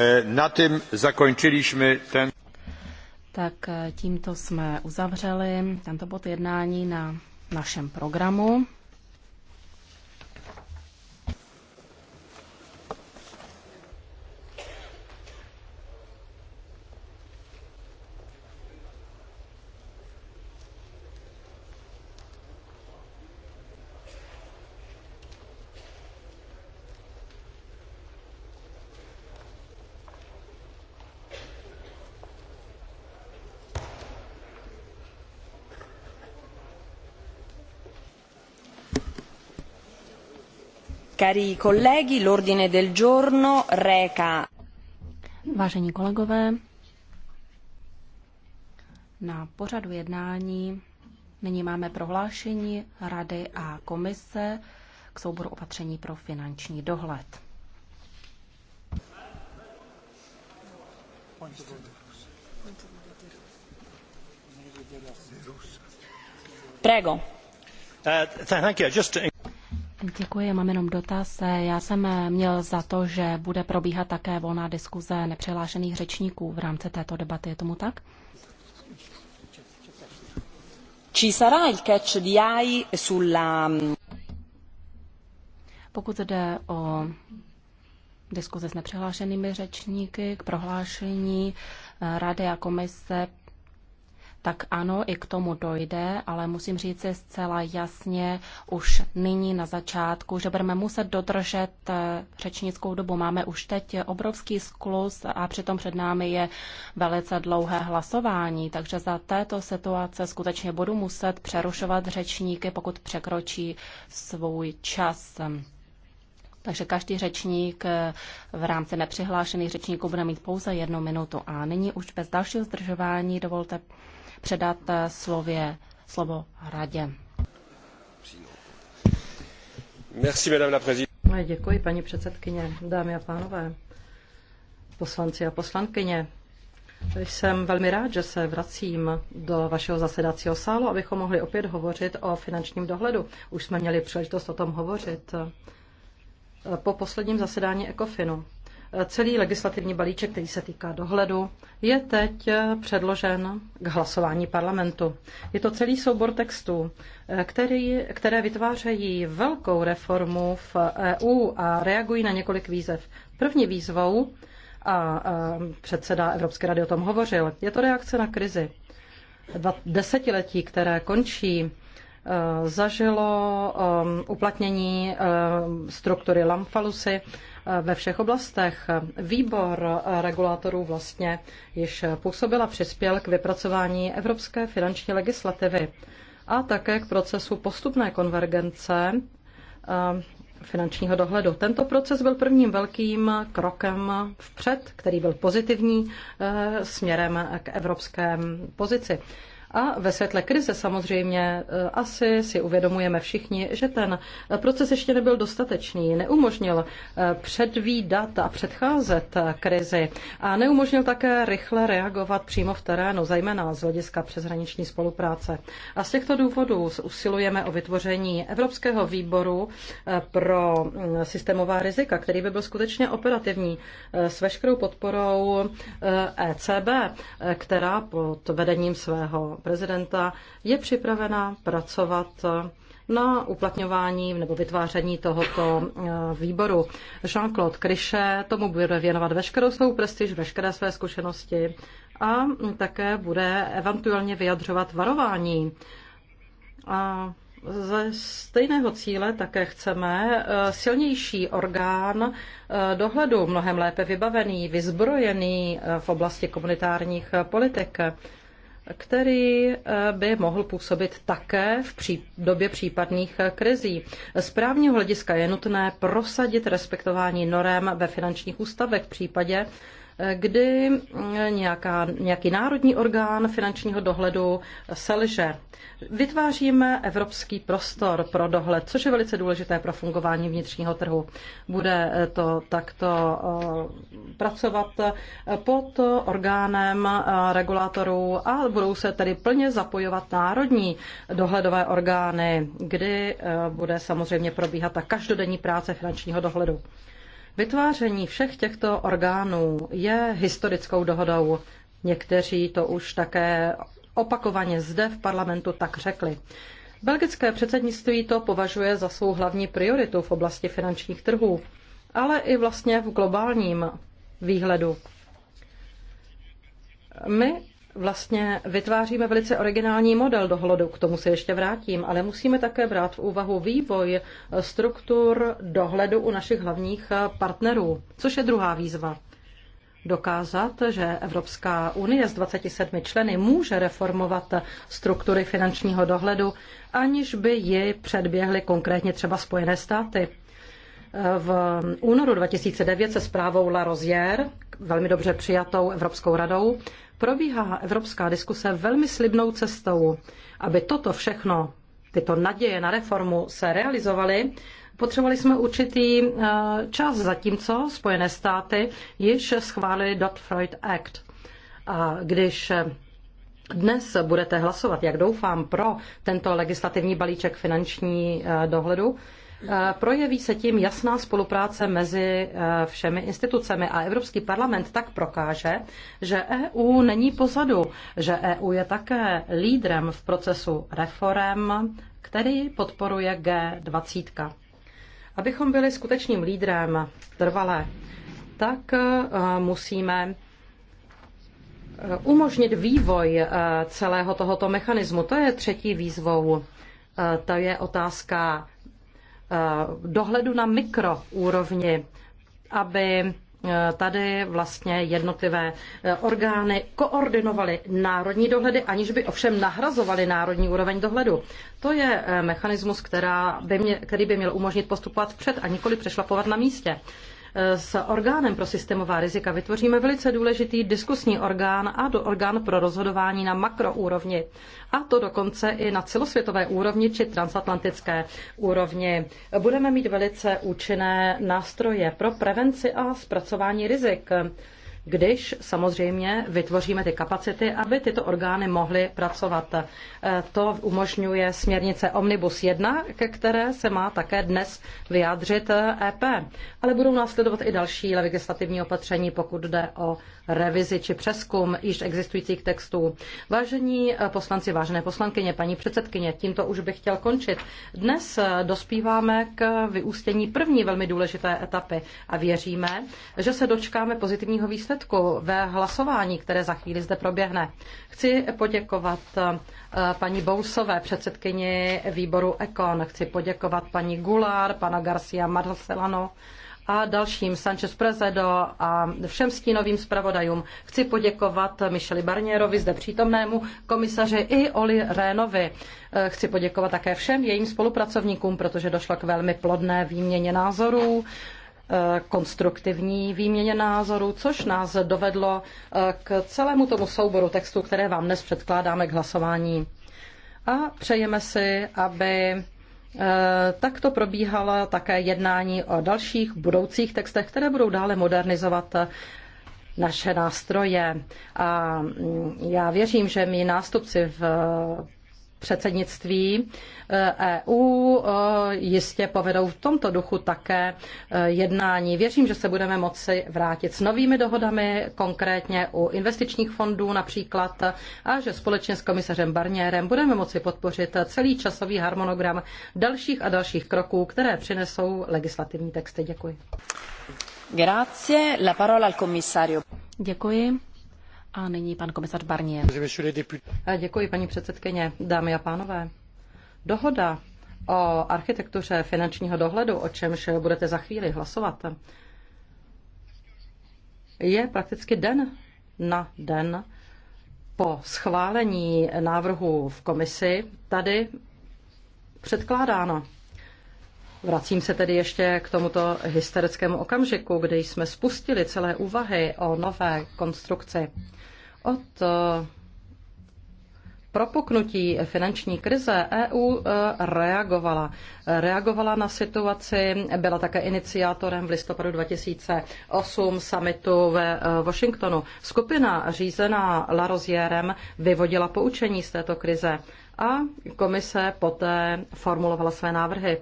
E, na tím zakończyliśmy ten... Tak e, tímto jsme uzavřeli tento bod jednání na našem programu. Cari colleghi, l'ordine del giorno reca. Vážení kolegové, na pořadu jednání nyní máme prohlášení Rady a Komise k souboru opatření pro finanční dohled. Prego. Uh, Děkuji, mám jenom dotaz. Já jsem měl za to, že bude probíhat také volná diskuze nepřihlášených řečníků v rámci této debaty. Je tomu tak? Ci sarà il catch di AI sulla... Pokud jde o diskuze s nepřihlášenými řečníky k prohlášení eh, Rady a komise tak ano, i k tomu dojde, ale musím říct si zcela jasně už nyní na začátku, že budeme muset dodržet eh, řečnickou dobu. Máme už teď obrovský sklus a přitom před námi je velice dlouhé hlasování, takže za této situace skutečně budu muset přerušovat řečníky, pokud překročí svůj čas. Takže každý řečník eh, v rámci nepřihlášených řečníků bude mít pouze jednu minutu. A nyní už bez dalšího zdržování dovolte předat eh, slově, slovo radě. Merci, madame la Děkuji, paní předsedkyně, dámy a pánové, poslanci a poslankyně. Jsem velmi rád, že se vracím do vašeho zasedacího sálu, abychom mohli opět hovořit o finančním dohledu. Už jsme měli příležitost o tom hovořit po posledním zasedání Ekofinu. Celý legislativní balíček, který se týká dohledu, je teď předložen k hlasování parlamentu. Je to celý soubor textů, který, které vytvářejí velkou reformu v EU a reagují na několik výzev. První výzvou, a předseda Evropské rady o tom hovořil, je to reakce na krizi. Dva desetiletí, které končí, e, zažilo e, uplatnění e, struktury Lamfalusy ve všech oblastech. Výbor regulátorů vlastně již působil a přispěl k vypracování evropské finanční legislativy a také k procesu postupné konvergence eh, finančního dohledu. Tento proces byl prvním velkým krokem vpřed, který byl pozitivní eh, směrem k evropské pozici. A ve světle krize samozřejmě e, asi si uvědomujeme všichni, že ten proces ještě nebyl dostatečný, neumožnil e, předvídat a předcházet krizi a neumožnil také rychle reagovat přímo v terénu, zejména z hlediska přeshraniční spolupráce. A z těchto důvodů usilujeme o vytvoření Evropského výboru e, pro systémová rizika, který by byl skutečně operativní s veškerou podporou ECB, která pod vedením svého prezidenta je připravena pracovat na uplatňování nebo vytváření tohoto eh, výboru. Jean-Claude Kryše tomu bude věnovat veškerou svou prestiž, veškeré své zkušenosti a také bude eventuálně vyjadřovat varování. A ze stejného cíle také chceme eh, silnější orgán eh, dohledu, mnohem lépe vybavený, vyzbrojený v oblasti komunitárních politik který eh, by mohl působit také v pří, době případných eh, krizí. Z právního hlediska je nutné prosadit respektování norem ve finančních ústavech v případě, kdy eh, nějaká, nějaký národní orgán finančního dohledu selže. Vytváříme evropský prostor pro dohled, což je velice důležité pro fungování vnitřního trhu. Bude eh, to takto eh, pracovat pod orgánem regulátorů a budou se tedy plně zapojovat národní dohledové orgány, kdy bude samozřejmě probíhat ta každodenní práce finančního dohledu. Vytváření všech těchto orgánů je historickou dohodou. Někteří to už také opakovaně zde v parlamentu tak řekli. Belgické předsednictví to považuje za svou hlavní prioritu v oblasti finančních trhů, ale i vlastně v globálním výhledu. My vlastně vytváříme velice originální model dohledu, k tomu se ještě vrátím, ale musíme také brát v úvahu vývoj struktur dohledu u našich hlavních partnerů, což je druhá výzva. Dokázat, že Evropská unie s 27 členy může reformovat struktury finančního dohledu, aniž by ji předběhly konkrétně třeba Spojené státy. V únoru 2009 se zprávou La Rozière, velmi dobře přijatou Evropskou radou, probíhá evropská diskuse velmi slibnou cestou. Aby toto všechno, tyto naděje na reformu se realizovaly, potřebovali jsme určitý eh, čas, zatímco Spojené státy již schválili Dodd-Freud Act. A když eh, dnes budete hlasovat, jak doufám, pro tento legislativní balíček finanční eh, dohledu, Projeví se tím jasná spolupráce mezi e, všemi institucemi a Evropský parlament tak prokáže, že EU není pozadu, že EU je také lídrem v procesu reform, který podporuje G20. Abychom byli skutečným lídrem trvalé, tak e, musíme e, umožnit vývoj celého tohoto mechanismu. To je třetí výzvou. To je otázka Eh, dohledu na mikroúrovni, aby eh, tady vlastně jednotlivé eh, orgány koordinovaly národní dohledy, aniž by ovšem nahrazovaly národní úroveň dohledu. To je mechanismus, která by mě, který by měl umožnit postupovat před a nikoli přešlapovat na místě s orgánem pro systémová rizika vytvoříme velice důležitý diskusní orgán a do orgán pro rozhodování na makroúrovni. A to dokonce i na celosvětové úrovni či transatlantické úrovni. Budeme mít velice účinné nástroje pro prevenci a zpracování rizik když samozřejmě vytvoříme ty kapacity, aby tyto orgány mohly pracovat. E, to umožňuje směrnice Omnibus 1, ke které se má také dnes vyjádřit EP. Ale budou následovat i další legislativní opatření, pokud jde o revizi či přeskum již existujících textů. Vážení poslanci, vážené poslankyně, paní předsedkyně, tímto už bych chtěl končit. Dnes dospíváme k vyústění první velmi důležité etapy a věříme, že se dočkáme pozitivního výsledku ve hlasování, které za chvíli zde proběhne. Chci poděkovat eh, paní Bousové, předsedkyni výboru Ekon. Chci poděkovat paní Gulár, pana Garcia Marcelano, a dalším Sanchez Prezedo a všem stínovým zpravodajům. Chci poděkovat Micheli Barnierovi, zde přítomnému komisaři i Oli Rénovi. Chci poděkovat také všem jejím spolupracovníkům, protože došlo k velmi plodné výměně názorů konstruktivní výměně názorů, což nás dovedlo eh, k celému tomu souboru textů, které vám dnes předkládáme k hlasování. A přejeme si, aby Eh, Takto probíhala také jednání o dalších budoucích textech, které budou dále modernizovat eh, naše nástroje. A mm, já věřím, že mi nástupci v předsednictví EU eh, e eh, jistě povedou v tomto duchu také eh, jednání. Věřím, že se budeme moci vrátit s novými dohodami, konkrétně u investičních fondů například, a že společně s komisařem Barnierem budeme moci podpořit celý časový harmonogram dalších a dalších kroků, které přinesou legislativní texty. Děkuji. Grazie. La parola al commissario. Děkuji. A nyní pan komisař Barnier. Děkuji, paní předsedkyně, dámy a pánové. Dohoda o architektuře finančního dohledu, o čemž budete za chvíli hlasovat, je prakticky den na den po schválení návrhu v komisi tady předkládáno. Vracím se tedy ještě k tomuto hysterickému okamžiku, kdy jsme spustili celé úvahy o nové konstrukci. Od eh, propuknutí finanční krize EU eh, reagovala. Reagovala na situaci, byla také iniciátorem v listopadu 2008 summitu ve eh, Washingtonu. Skupina řízená Larozierem vyvodila poučení z této krize a komise poté formulovala své návrhy.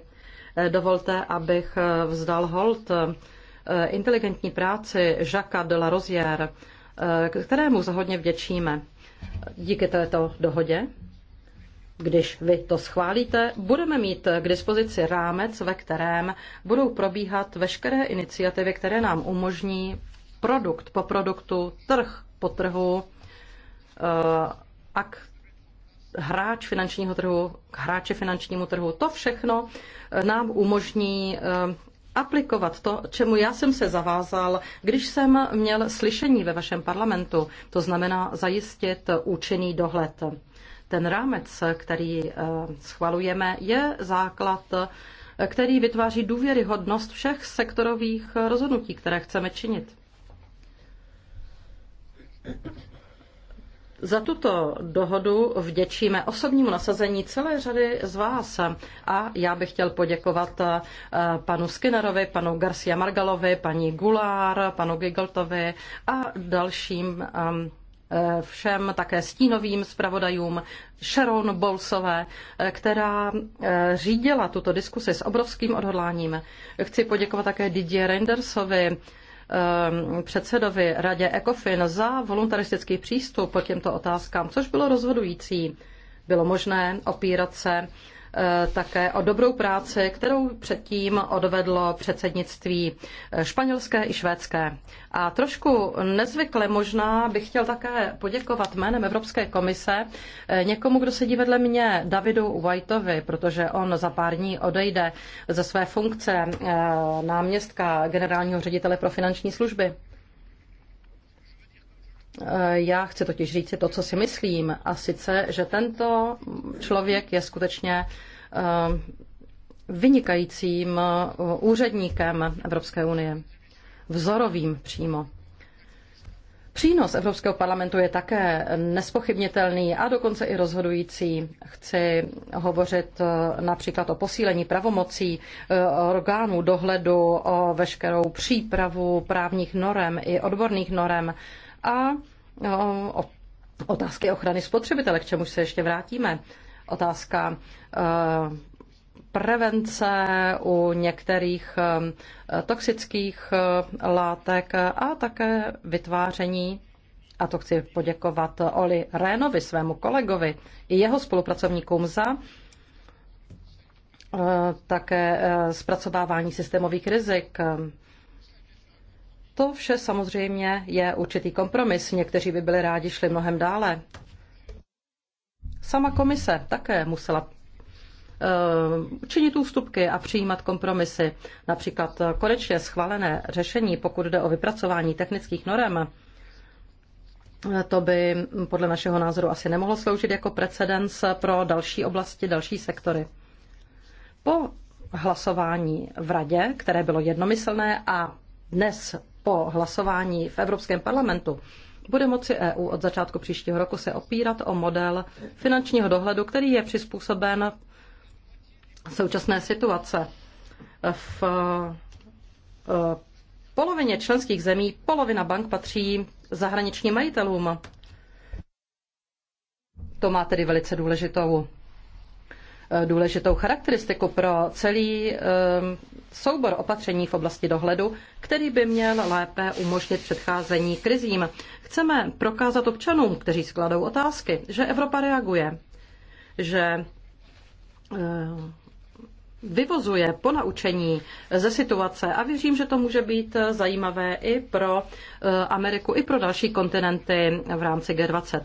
Eh, dovolte, abych eh, vzdal hold eh, inteligentní práci Jacques de la Rosière, kterému za hodně vděčíme. Díky této dohodě, když vy to schválíte, budeme mít k dispozici rámec, ve kterém budou probíhat veškeré iniciativy, které nám umožní produkt po produktu, trh po trhu, ak hráč finančního trhu, k hráči finančnímu trhu. To všechno eh, nám umožní eh, aplikovat to, čemu já jsem se zavázal, když jsem měl slyšení ve vašem parlamentu, to znamená zajistit účinný dohled. Ten rámec, který eh, schvalujeme, je základ, který vytváří důvěryhodnost všech sektorových rozhodnutí, které chceme činit. Za tuto dohodu vděčíme osobnímu nasazení celé řady z vás a já bych chtěl poděkovat eh, panu Skinnerovi, panu Garcia Margalovi, paní Gulár, panu Gigeltovi a dalším eh, eh, všem také stínovým zpravodajům Sharon Bolsové, která řídila tuto diskusi s obrovským odhodláním. Chci poděkovat také Didier Rendersovi, Eh, předsedovi radě ECOFIN za voluntaristický přístup k těmto otázkám, což bylo rozhodující. Bylo možné opírat se Eh, také o dobrou práci, kterou předtím odvedlo předsednictví eh, španělské i švédské. A trošku nezvykle možná bych chtěl také poděkovat jménem Evropské komise eh, někomu, kdo sedí vedle mě, Davidu Whiteovi, protože on za pár dní odejde ze své funkce náměstka generálního ředitele pro finanční služby. Eh, já chci totiž říct to, co si myslím, a sice, že tento člověk je skutečně eh, vynikajícím eh, úředníkem Evropské unie. Vzorovým přímo. Přínos Evropského parlamentu je také nespochybnitelný a dokonce i rozhodující. Chci hovořit například o posílení pravomocí orgánů dohledu, o veškerou přípravu právních norem i odborných norem a no, otázky ochrany spotřebitele, k čemu se ještě vrátíme. Otázka eh, prevence u některých eh, toxických eh, látek a také vytváření a to chci poděkovat Oli Rénovi, svému kolegovi, i jeho spolupracovníkům za také zpracovávání systémových rizik. To vše samozřejmě je určitý kompromis. Někteří by byli rádi šli mnohem dále. Sama komise také musela eh, činit ústupky a přijímat kompromisy. Například konečně schválené řešení, pokud jde o vypracování technických norem, eh, to by podle našeho názoru asi nemohlo sloužit jako precedens pro další oblasti, další sektory. Po hlasování v radě, které bylo jednomyslné a dnes po hlasování v Evropském parlamentu bude moci EU od začátku příštího roku se opírat o model finančního dohledu, který je přizpůsoben současné situace. V eh, polovině členských zemí polovina bank patří zahraničním majitelům. To má tedy velice důležitou Eh, důležitou charakteristiku pro celý eh, soubor opatření v oblasti dohledu, který by měl lépe umožnit předcházení krizím. Chceme prokázat občanům, kteří skladou otázky, že Evropa reaguje, že eh, vyvozuje po naučení ze situace a věřím, že to může být zajímavé i pro Ameriku, i pro další kontinenty v rámci G20.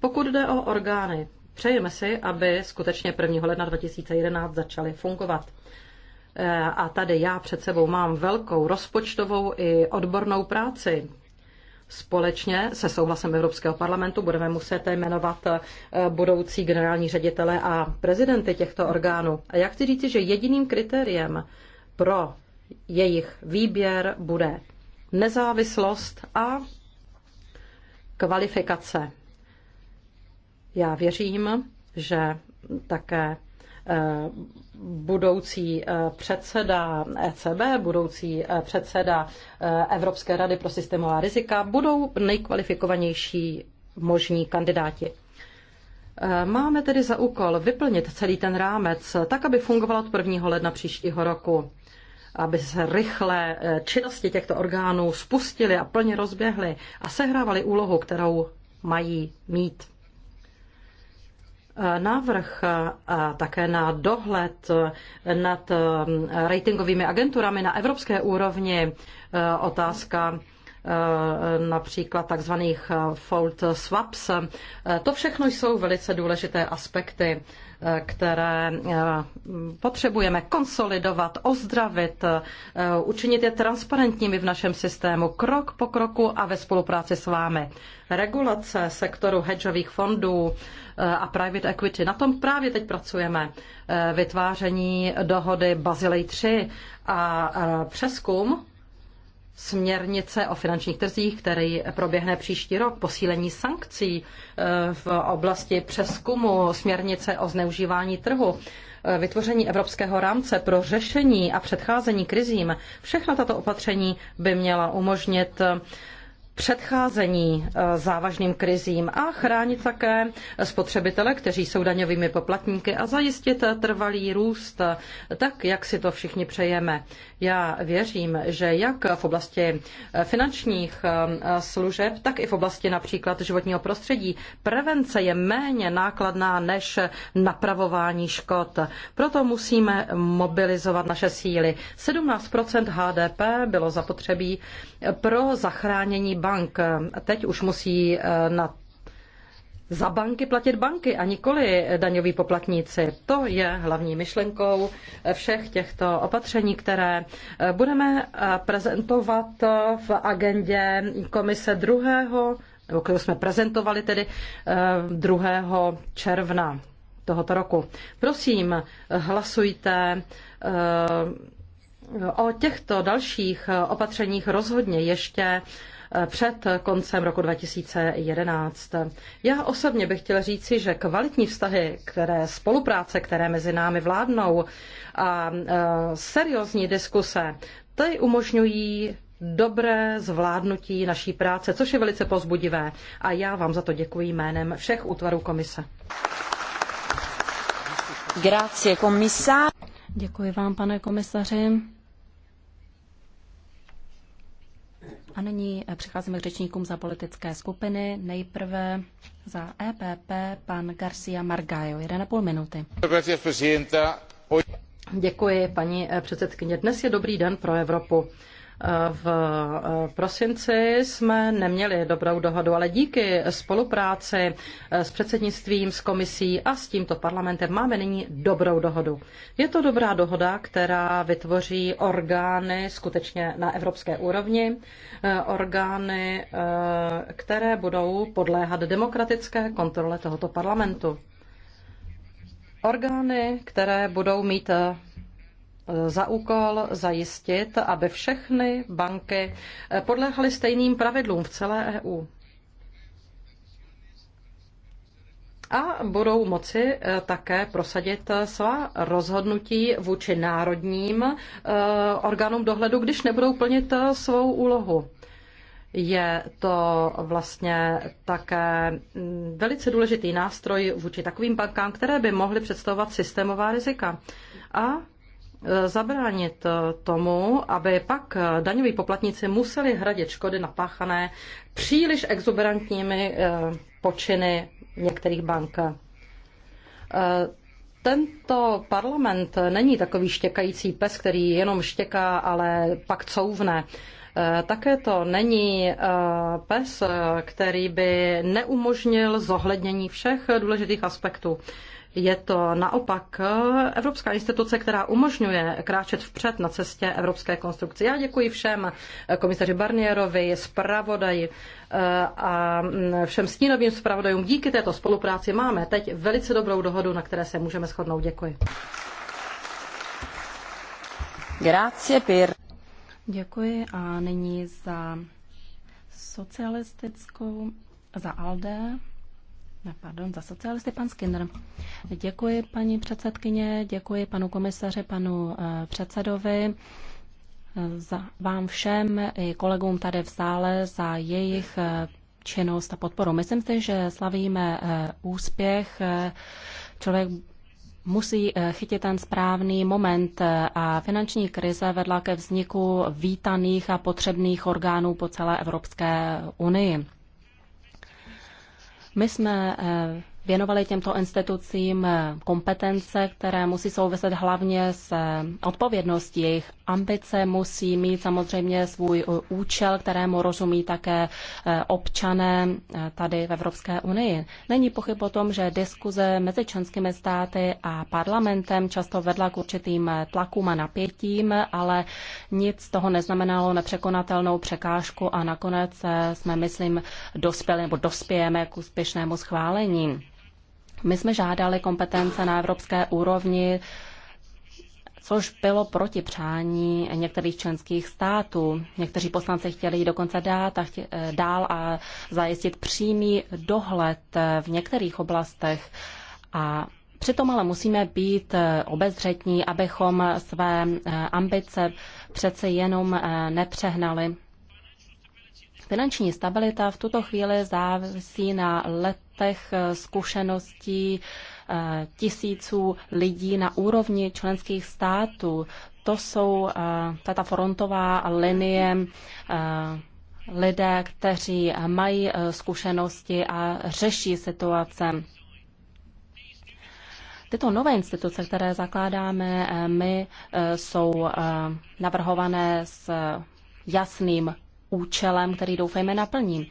Pokud jde o orgány, Přejeme si, aby skutečně 1. ledna 2011 začaly fungovat. E, a tady já před sebou mám velkou rozpočtovou i odbornou práci. Společně se souhlasem Evropského parlamentu budeme muset jmenovat e, budoucí generální ředitele a prezidenty těchto orgánů. A já chci říci, že jediným kritériem pro jejich výběr bude nezávislost a kvalifikace já věřím, že také eh, budoucí eh, předseda ECB, budoucí eh, předseda Evropské rady pro systémová rizika budou nejkvalifikovanější možní kandidáti. Máme tedy za úkol vyplnit celý ten rámec tak, aby fungoval od 1. ledna příštího roku aby se rychle činnosti těchto orgánů spustily a plně rozběhly a sehrávaly úlohu, kterou mají mít návrh a také na dohled nad eh, ratingovými agenturami na evropské úrovni, eh, otázka eh, například takzvaných fault swaps. To všechno jsou velice důležité aspekty které eh, potřebujeme konsolidovat, ozdravit, eh, učinit je transparentními v našem systému krok po kroku a ve spolupráci s vámi. Regulace sektoru hedžových fondů eh, a private equity, na tom právě teď pracujeme. Vytváření dohody Bazilej 3 a přeskum směrnice o finančních trzích, který proběhne příští rok, posílení sankcí eh, v oblasti přeskumu směrnice o zneužívání trhu, eh, vytvoření evropského rámce pro řešení a předcházení krizím. Všechno tato opatření by měla umožnit eh, předcházení eh, závažným krizím a chránit také spotřebitele, kteří jsou daňovými poplatníky a zajistit trvalý růst, tak jak si to všichni přejeme. Já věřím, že jak v oblasti eh, finančních eh, služeb, tak i v oblasti například životního prostředí prevence je méně nákladná než napravování škod. Proto musíme mobilizovat naše síly. 17 HDP bylo zapotřebí pro zachránění bank bank. Teď už musí eh, na za banky platit banky a nikoli daňoví poplatníci. To je hlavní myšlenkou eh, všech těchto opatření, které eh, budeme prezentovat v agendě komise 2. nebo kterou jsme prezentovali tedy 2. června tohoto roku. Prosím, hlasujte o těchto dalších opatřeních rozhodně ještě před koncem roku 2011. Já osobně bych chtěla říci, že kvalitní vztahy, které spolupráce, které mezi námi vládnou a e, seriózní diskuse, ty umožňují dobré zvládnutí naší práce, což je velice pozbudivé. A já vám za to děkuji jménem všech útvarů komise. Grazie, komisa. Děkuji vám, pane komisaři. A nyní eh, přicházíme k řečníkům za politické skupiny. Nejprve za EPP pan Garcia Margallo. 1,5 minuty. Děkuji, paní eh, předsedkyně. Dnes je dobrý den pro Evropu. V eh, prosinci jsme neměli dobrou dohodu, ale díky spolupráci eh, s předsednictvím, s komisí a s tímto parlamentem máme nyní dobrou dohodu. Je to dobrá dohoda, která vytvoří orgány skutečně na evropské úrovni, eh, orgány, které budou podléhat demokratické kontrole tohoto parlamentu. Orgány, které budou mít za úkol zajistit, aby všechny banky podléhaly stejným pravidlům v celé EU. A budou moci eh, také prosadit eh, svá rozhodnutí vůči národním eh, orgánům dohledu, když nebudou plnit svou úlohu je to vlastně také mm, velice důležitý nástroj vůči takovým bankám, které by mohly představovat systémová rizika. A Eh, zabránit eh, tomu, aby pak eh, daňoví poplatníci museli hradit škody napáchané příliš exuberantními počiny některých bank. Tento parlament není takový štěkající pes, který jenom štěká, ale pak couvne. Také to není pes, který by neumožnil zohlednění všech důležitých aspektů. Je to naopak evropská instituce, která umožňuje kráčet vpřed na cestě evropské konstrukce. Já děkuji všem komisaři Barnierovi, zpravodaji eh, a mm, všem stínovým zpravodajům. Díky této spolupráci máme teď velice dobrou dohodu, na které se můžeme shodnout. Děkuji. Grazie per... Děkuji a nyní za socialistickou, za ALDE, Pardon, za socialisty pan Skinner. Děkuji paní předsedkyně, děkuji panu komisaři, panu eh, předsedovi, eh, za vám všem i kolegům tady v sále za jejich eh, činnost a podporu. Myslím si, že slavíme úspěch. Člověk musí chytit ten správný moment a finanční krize vedla ke vzniku vítaných a potřebných orgánů po celé Evropské unii. My jsme eh, věnovali těmto institucím eh, kompetence, které musí souviset hlavně s eh, odpovědností. Jejich ambice musí mít samozřejmě svůj eh, účel, kterému rozumí také občané tady v Evropské unii. Není pochyb o tom, že diskuze mezi členskými státy a parlamentem často vedla k určitým tlakům a napětím, ale nic z toho neznamenalo nepřekonatelnou překážku a nakonec jsme, myslím, dospěli nebo dospějeme k úspěšnému schválení. My jsme žádali kompetence na evropské úrovni, což bylo proti přání některých členských států. Někteří poslanci chtěli jít dokonce dát a chtě, eh, dál a zajistit přímý dohled eh, v některých oblastech. A přitom ale musíme být eh, obezřetní, abychom své ambice přece jenom nepřehnali. Finanční stabilita v tuto chvíli závisí na let letech eh, zkušeností eh, tisíců lidí na úrovni členských států. To jsou tato eh, frontová linie lidé, kteří mají zkušenosti a řeší situace. Tyto nové instituce, které zakládáme my, jsou navrhované s jasným účelem, který doufejme naplní.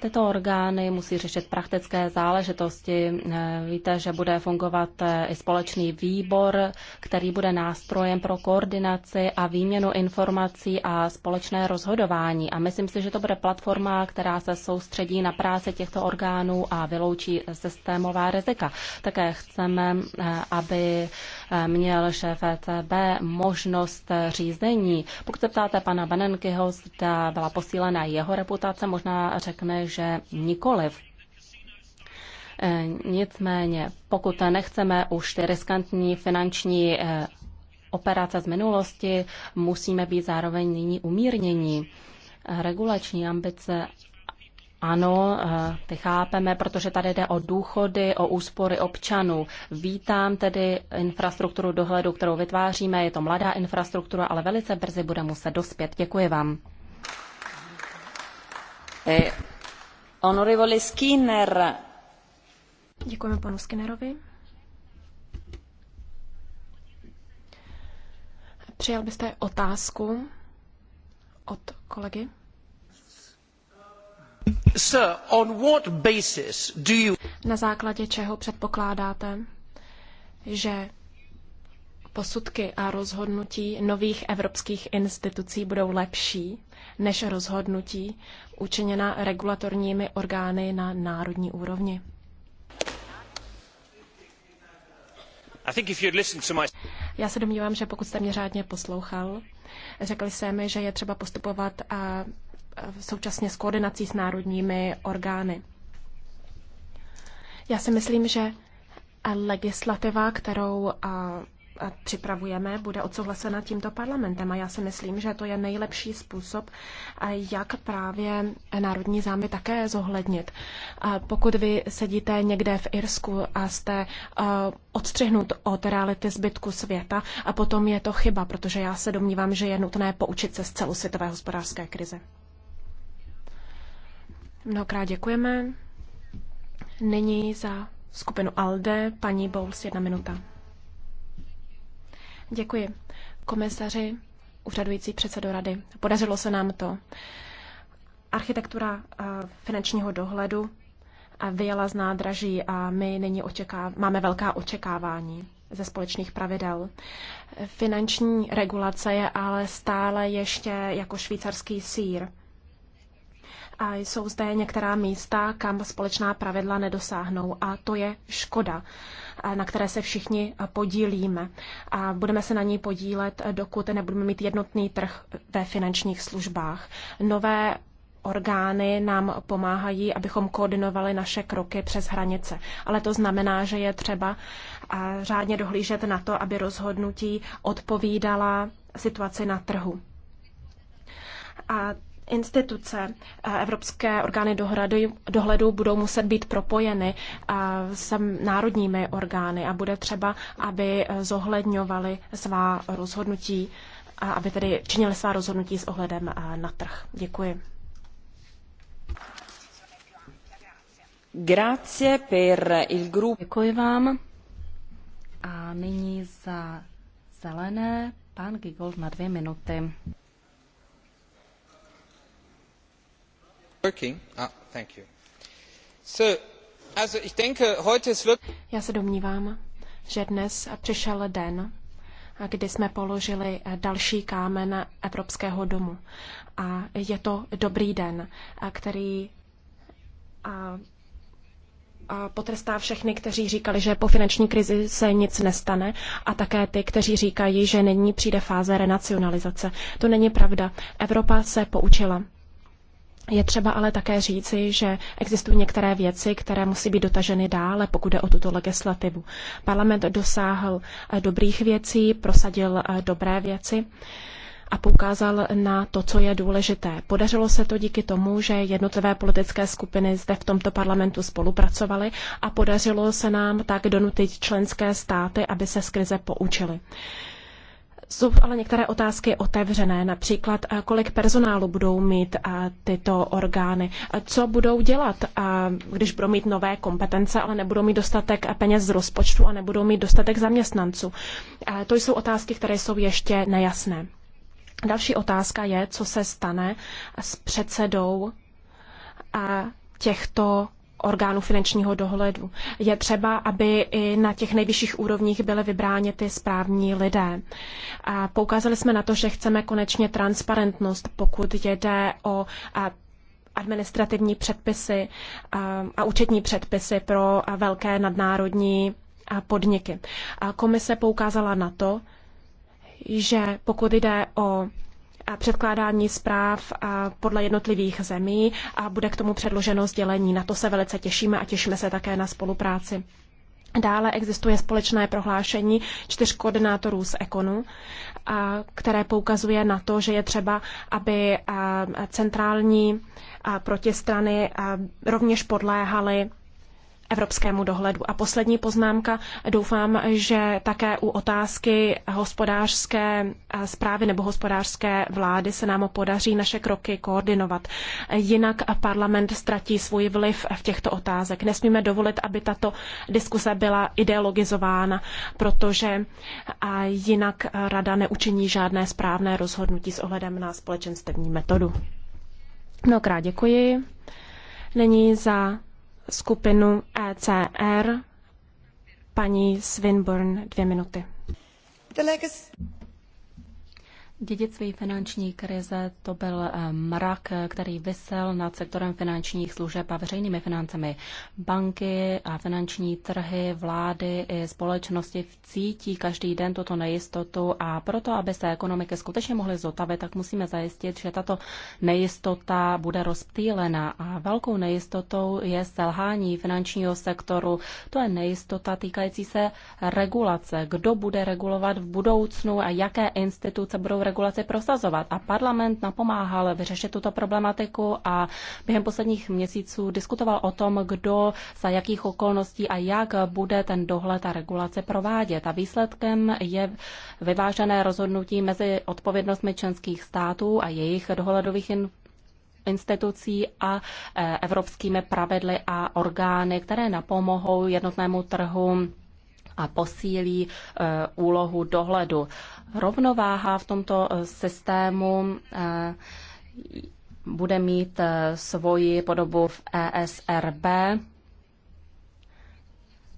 Tyto orgány musí řešit praktické záležitosti. Eh, víte, že bude fungovat eh, i společný výbor, který bude nástrojem pro koordinaci a výměnu informací a společné rozhodování. A myslím si, že to bude platforma, která se soustředí na práci těchto orgánů a vyloučí systémová rizika. Také chceme, eh, aby měl šéf ECB možnost řízení. Pokud se ptáte pana Benenkyho, zda byla posílena jeho reputace, možná řekne, že nikoliv. E, nicméně, pokud nechceme už ty riskantní finanční e, operace z minulosti, musíme být zároveň nyní umírnění. Regulační ambice ano, eh, ty chápeme, protože tady jde o důchody, o úspory občanů. Vítám tedy infrastrukturu dohledu, kterou vytváříme. Je to mladá infrastruktura, ale velice brzy bude muset dospět. Děkuji vám. Eh, honorevole Skinner. Děkujeme panu Skinnerovi. Přijal byste otázku od kolegy? Na základě čeho předpokládáte, že posudky a rozhodnutí nových evropských institucí budou lepší než rozhodnutí učiněná regulatorními orgány na národní úrovni? Já se domnívám, že pokud jste mě řádně poslouchal, řekl jsem, že je třeba postupovat a současně s koordinací s národními orgány. Já si myslím, že legislativa, kterou připravujeme, bude odsouhlasena tímto parlamentem a já si myslím, že to je nejlepší způsob, jak právě národní zámy také zohlednit. Pokud vy sedíte někde v Irsku a jste odstřihnut od reality zbytku světa, a potom je to chyba, protože já se domnívám, že je nutné poučit se z celosvětové hospodářské krize. Mnohokrát děkujeme. Nyní za skupinu ALDE paní Bowles jedna minuta. Děkuji. Komisaři, úřadující předsedo rady, podařilo se nám to. Architektura eh, finančního dohledu eh, vyjela z nádraží a my nyní očeká, máme velká očekávání ze společných pravidel. Finanční regulace je ale stále ještě jako švýcarský sír. A jsou zde některá místa, kam společná pravidla nedosáhnou a to je škoda, na které se všichni podílíme. A budeme se na ní podílet, dokud nebudeme mít jednotný trh ve finančních službách. Nové orgány nám pomáhají, abychom koordinovali naše kroky přes hranice. Ale to znamená, že je třeba řádně dohlížet na to, aby rozhodnutí odpovídala situaci na trhu. A instituce, evropské orgány dohrady, dohledu budou muset být propojeny s národními orgány a bude třeba, aby zohledňovaly svá rozhodnutí a aby tedy činili svá rozhodnutí s ohledem na trh. Děkuji. Grazie per il gruppo. Děkuji vám. A nyní za zelené pan Gigold na dvě minuty. Ah, Já se domnívám, že dnes přišel den, kdy jsme položili eh, další kámen Evropského domu. A je to dobrý den, eh, který a, a potrestá všechny, kteří říkali, že po finanční krizi se nic nestane a také ty, kteří říkají, že není přijde fáze renacionalizace. To není pravda. Evropa se poučila. Je třeba ale také říci, že existují některé věci, které musí být dotaženy dále, pokud jde o tuto legislativu. Parlament dosáhl eh, dobrých věcí, prosadil eh, dobré věci a poukázal na to, co je důležité. Podařilo se to díky tomu, že jednotlivé politické skupiny zde v tomto parlamentu spolupracovaly a podařilo se nám tak donutit členské státy, aby se z krize poučily. Jsou ale některé otázky otevřené, například eh, kolik personálu budou mít eh, tyto orgány, co budou dělat, když budou mít nové kompetence, ale nebudou mít dostatek eh, peněz z rozpočtu a nebudou mít dostatek zaměstnanců. To jsou otázky, které jsou ještě nejasné. Další otázka je, co se stane s předsedou těchto orgánu finančního dohledu. Je třeba, aby i na těch nejvyšších úrovních byly vybráni ty správní lidé. A poukázali jsme na to, že chceme konečně transparentnost, pokud jde o administrativní předpisy a účetní předpisy pro velké nadnárodní podniky. A komise poukázala na to, že pokud jde o předkládání zpráv podle jednotlivých zemí a bude k tomu předloženo sdělení. Na to se velice těšíme a těšíme se také na spolupráci. Dále existuje společné prohlášení čtyř koordinátorů z Ekonu, které poukazuje na to, že je třeba, aby centrální protistrany rovněž podléhaly evropskému dohledu. A poslední poznámka, doufám, že také u otázky hospodářské eh, zprávy nebo hospodářské vlády se nám podaří naše kroky koordinovat. Jinak parlament ztratí svůj vliv v těchto otázek. Nesmíme dovolit, aby tato diskuse byla ideologizována, protože jinak rada neučiní žádné správné rozhodnutí s ohledem na společenstevní metodu. Mnohokrát děkuji. Není za skupinu ECR paní Swinburne dvě minuty. Dědictví finanční krize to byl eh, mrak, který vysel nad sektorem finančních služeb a veřejnými financemi. Banky a finanční trhy, vlády i společnosti cítí každý den tuto nejistotu a proto, aby se ekonomiky skutečně mohly zotavit, tak musíme zajistit, že tato nejistota bude rozptýlena. A velkou nejistotou je selhání finančního sektoru. To je nejistota týkající se regulace. Kdo bude regulovat v budoucnu a jaké instituce budou regulaci prosazovat. A parlament napomáhal vyřešit tuto problematiku a během posledních měsíců diskutoval o tom, kdo za jakých okolností a jak bude ten dohled a regulace provádět. A výsledkem je vyvážené rozhodnutí mezi odpovědnostmi členských států a jejich dohledových institucí a eh, evropskými pravidly a orgány, které napomohou jednotnému trhu a posílí eh, úlohu dohledu. Rovnováha v tomto eh, systému eh, bude mít svoji podobu v ESRB.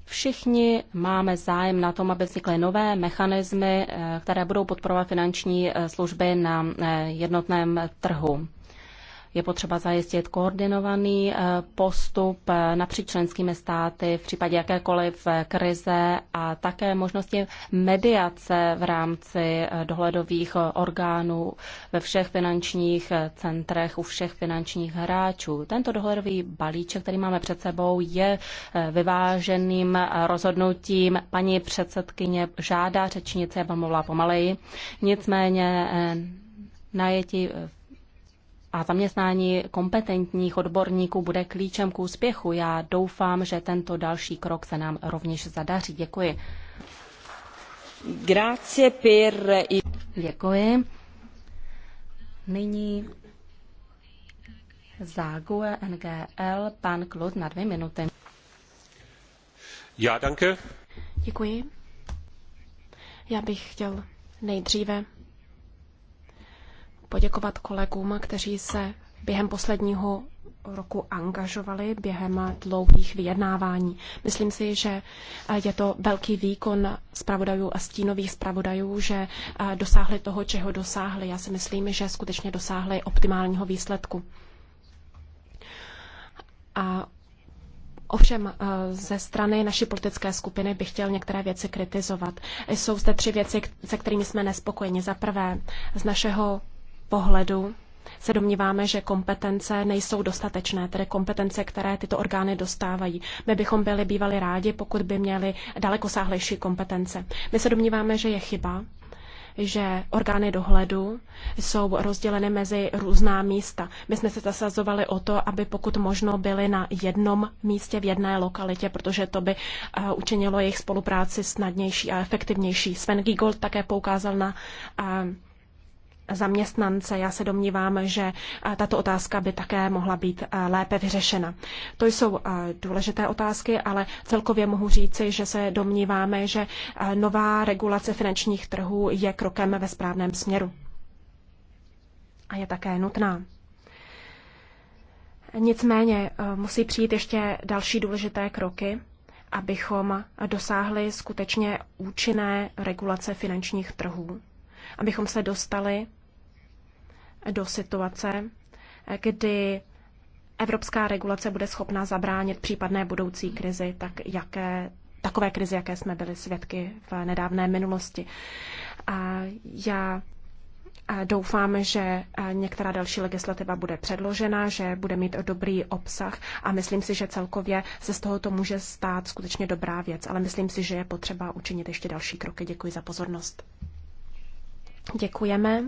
Všichni máme zájem na tom, aby vznikly nové mechanismy, které budou podporovat finanční služby na jednotném trhu. Je potřeba zajistit koordinovaný eh, postup eh, napříč členskými státy v případě jakékoliv eh, krize a také možnosti mediace v rámci dohledových orgánů ve všech finančních centrech u všech finančních hráčů. Tento dohledový balíček, který máme před sebou, je vyváženým rozhodnutím. Paní předsedkyně žádá řečnice, já vám mluvila pomaleji. Nicméně najetí a zaměstnání kompetentních odborníků bude klíčem k úspěchu. Já doufám, že tento další krok se nám rovněž zadaří. Děkuji. Grazie per... Děkuji. Nyní Zágue NGL, pan Klud na dvě minuty. Já danke. Děkuji. Já bych chtěl nejdříve poděkovat kolegům, kteří se během posledního roku angažovali během dlouhých vyjednávání. Myslím si, že je to velký výkon zpravodajů a stínových zpravodajů, že dosáhli toho, čeho dosáhli. Já si myslím, že skutečně dosáhli optimálního výsledku. A Ovšem eh, ze strany naší politické skupiny bych chtěl některé věci kritizovat. Jsou zde tři věci, se kterými jsme nespokojeni. Za prvé, z našeho pohledu se domníváme, že kompetence nejsou dostatečné, tedy kompetence, které tyto orgány dostávají. My bychom byli bývali rádi, pokud by měli sáhlejší kompetence. My se domníváme, že je chyba, že orgány dohledu jsou rozděleny mezi různá místa. My jsme se zasazovali o to, aby pokud možno byly na jednom místě v jedné lokalitě, protože to by eh, učinilo jejich spolupráci snadnější a efektivnější. Sven Giegold také poukázal na eh, zaměstnance. Já se domnívám, že tato otázka by také mohla být lépe vyřešena. To jsou důležité otázky, ale celkově mohu říci, že se domníváme, že nová regulace finančních trhů je krokem ve správném směru. A je také nutná. Nicméně e, musí přijít ještě další důležité kroky, abychom dosáhli skutečně účinné regulace finančních trhů, abychom se dostali do situace, kdy evropská regulace bude schopna zabránit případné budoucí krizi, tak jaké, takové krizi, jaké jsme byli svědky v nedávné minulosti. A já Doufám, že některá další legislativa bude předložena, že bude mít dobrý obsah a myslím si, že celkově se z tohoto může stát skutečně dobrá věc, ale myslím si, že je potřeba učinit ještě další kroky. Děkuji za pozornost. Děkujeme.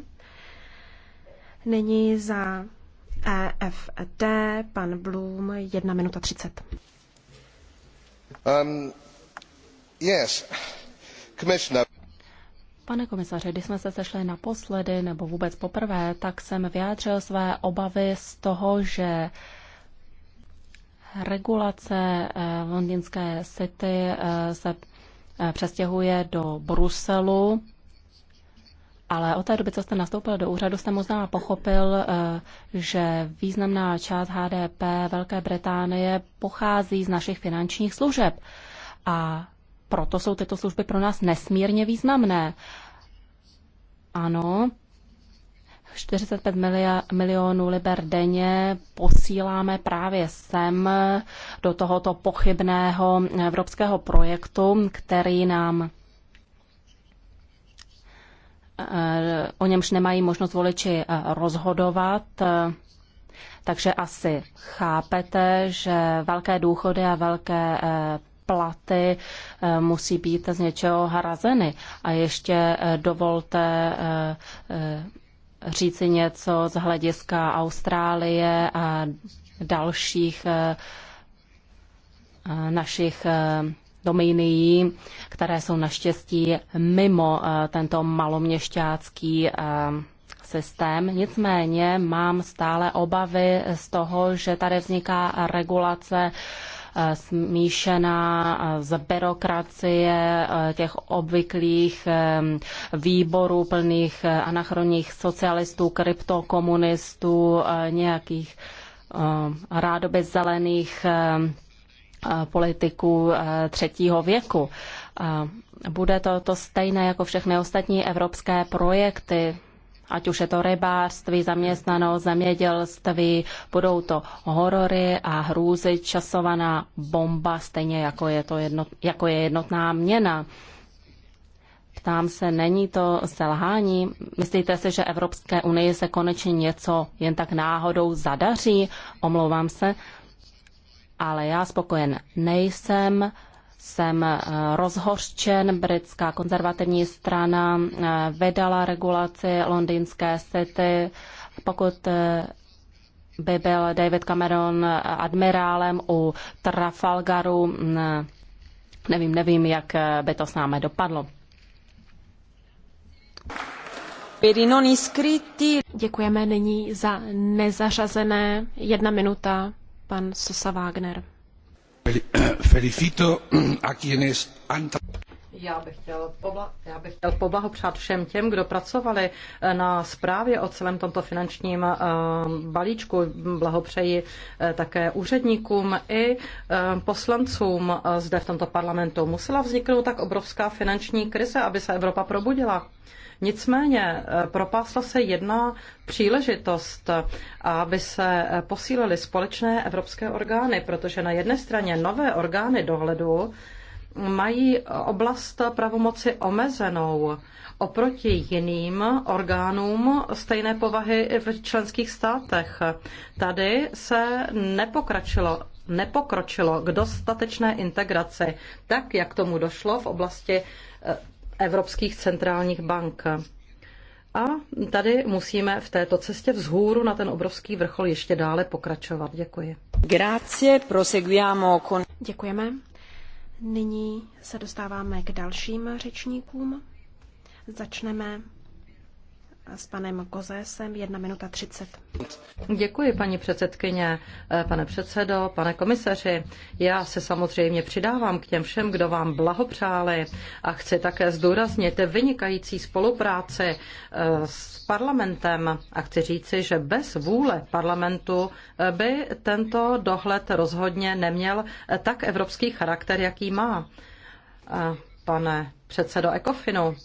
Nyní za EFD pan Blum 1 minuta 30. Um, yes. Commissioner. Pane komisaři, když jsme se sešli naposledy nebo vůbec poprvé, tak jsem vyjádřil své obavy z toho, že regulace eh, londýnské city eh, se eh, přestěhuje do Bruselu ale od té doby, co jste nastoupil do úřadu, jste možná pochopil, eh, že významná část HDP Velké Británie pochází z našich finančních služeb. A proto jsou tyto služby pro nás nesmírně významné. Ano, 45 milionů liber denně posíláme právě sem do tohoto pochybného evropského projektu, který nám Eh, o němž nemají možnost voliči eh, rozhodovat. Eh, takže asi chápete, že velké důchody a velké platy musí být z něčeho hrazeny. A ještě dovolte říci něco z hlediska Austrálie a dalších našich dominií, které jsou naštěstí mimo eh, tento maloměšťácký eh, systém. Nicméně mám stále obavy z toho, že tady vzniká regulace eh, smíšená z byrokracie těch obvyklých výborů plných anachronních socialistů, kryptokomunistů, nějakých rádoby zelených politiků eh, třetího věku. Bude to, to stejné jako všechny ostatní evropské projekty, ať už je to rybářství, zaměstnanost, zemědělství, budou to horory a hrůzy, časovaná bomba, stejně jako je, to jednot, jako je jednotná měna. Ptám se, není to selhání? Myslíte si, že Evropské unii se konečně něco jen tak náhodou zadaří? Omlouvám se, ale já spokojen nejsem. Jsem eh, rozhořčen, britská konzervativní strana eh, vydala regulaci londýnské city. Pokud eh, by byl David Cameron admirálem u Trafalgaru, mm, nevím, nevím, jak by to s námi dopadlo. Děkujeme nyní za nezařazené jedna minuta pan Sosa Wagner. Felicito a quienes han já bych, chtěl pobla, já bych chtěl poblahopřát všem těm, kdo pracovali eh, na zprávě o celém tomto finančním eh, balíčku. Blahopřeji eh, také úředníkům i poslancům zde v tomto parlamentu. Musela vzniknout tak obrovská finanční krize, aby se Evropa probudila. Nicméně eh, propásla se jedna příležitost, eh, aby se eh, posílily společné evropské orgány, protože na jedné straně nové orgány dohledu mají oblast pravomoci omezenou oproti jiným orgánům stejné povahy v členských státech. Tady se nepokračilo nepokročilo k dostatečné integraci, tak jak tomu došlo v oblasti evropských centrálních bank. A tady musíme v této cestě vzhůru na ten obrovský vrchol ještě dále pokračovat. Děkuji. Grazie, proseguiamo con... Děkujeme. Nyní se dostáváme k dalším řečníkům. Začneme s panem Kozésem, minuta Děkuji, paní předsedkyně, eh, pane předsedo, pane komisaři. Já se samozřejmě přidávám k těm všem, kdo vám blahopřáli a chci také zdůraznit vynikající spolupráci eh, s parlamentem a chci říci, že bez vůle parlamentu eh, by tento dohled rozhodně neměl tak evropský charakter, jaký má. Pane předsedo Ekofinu,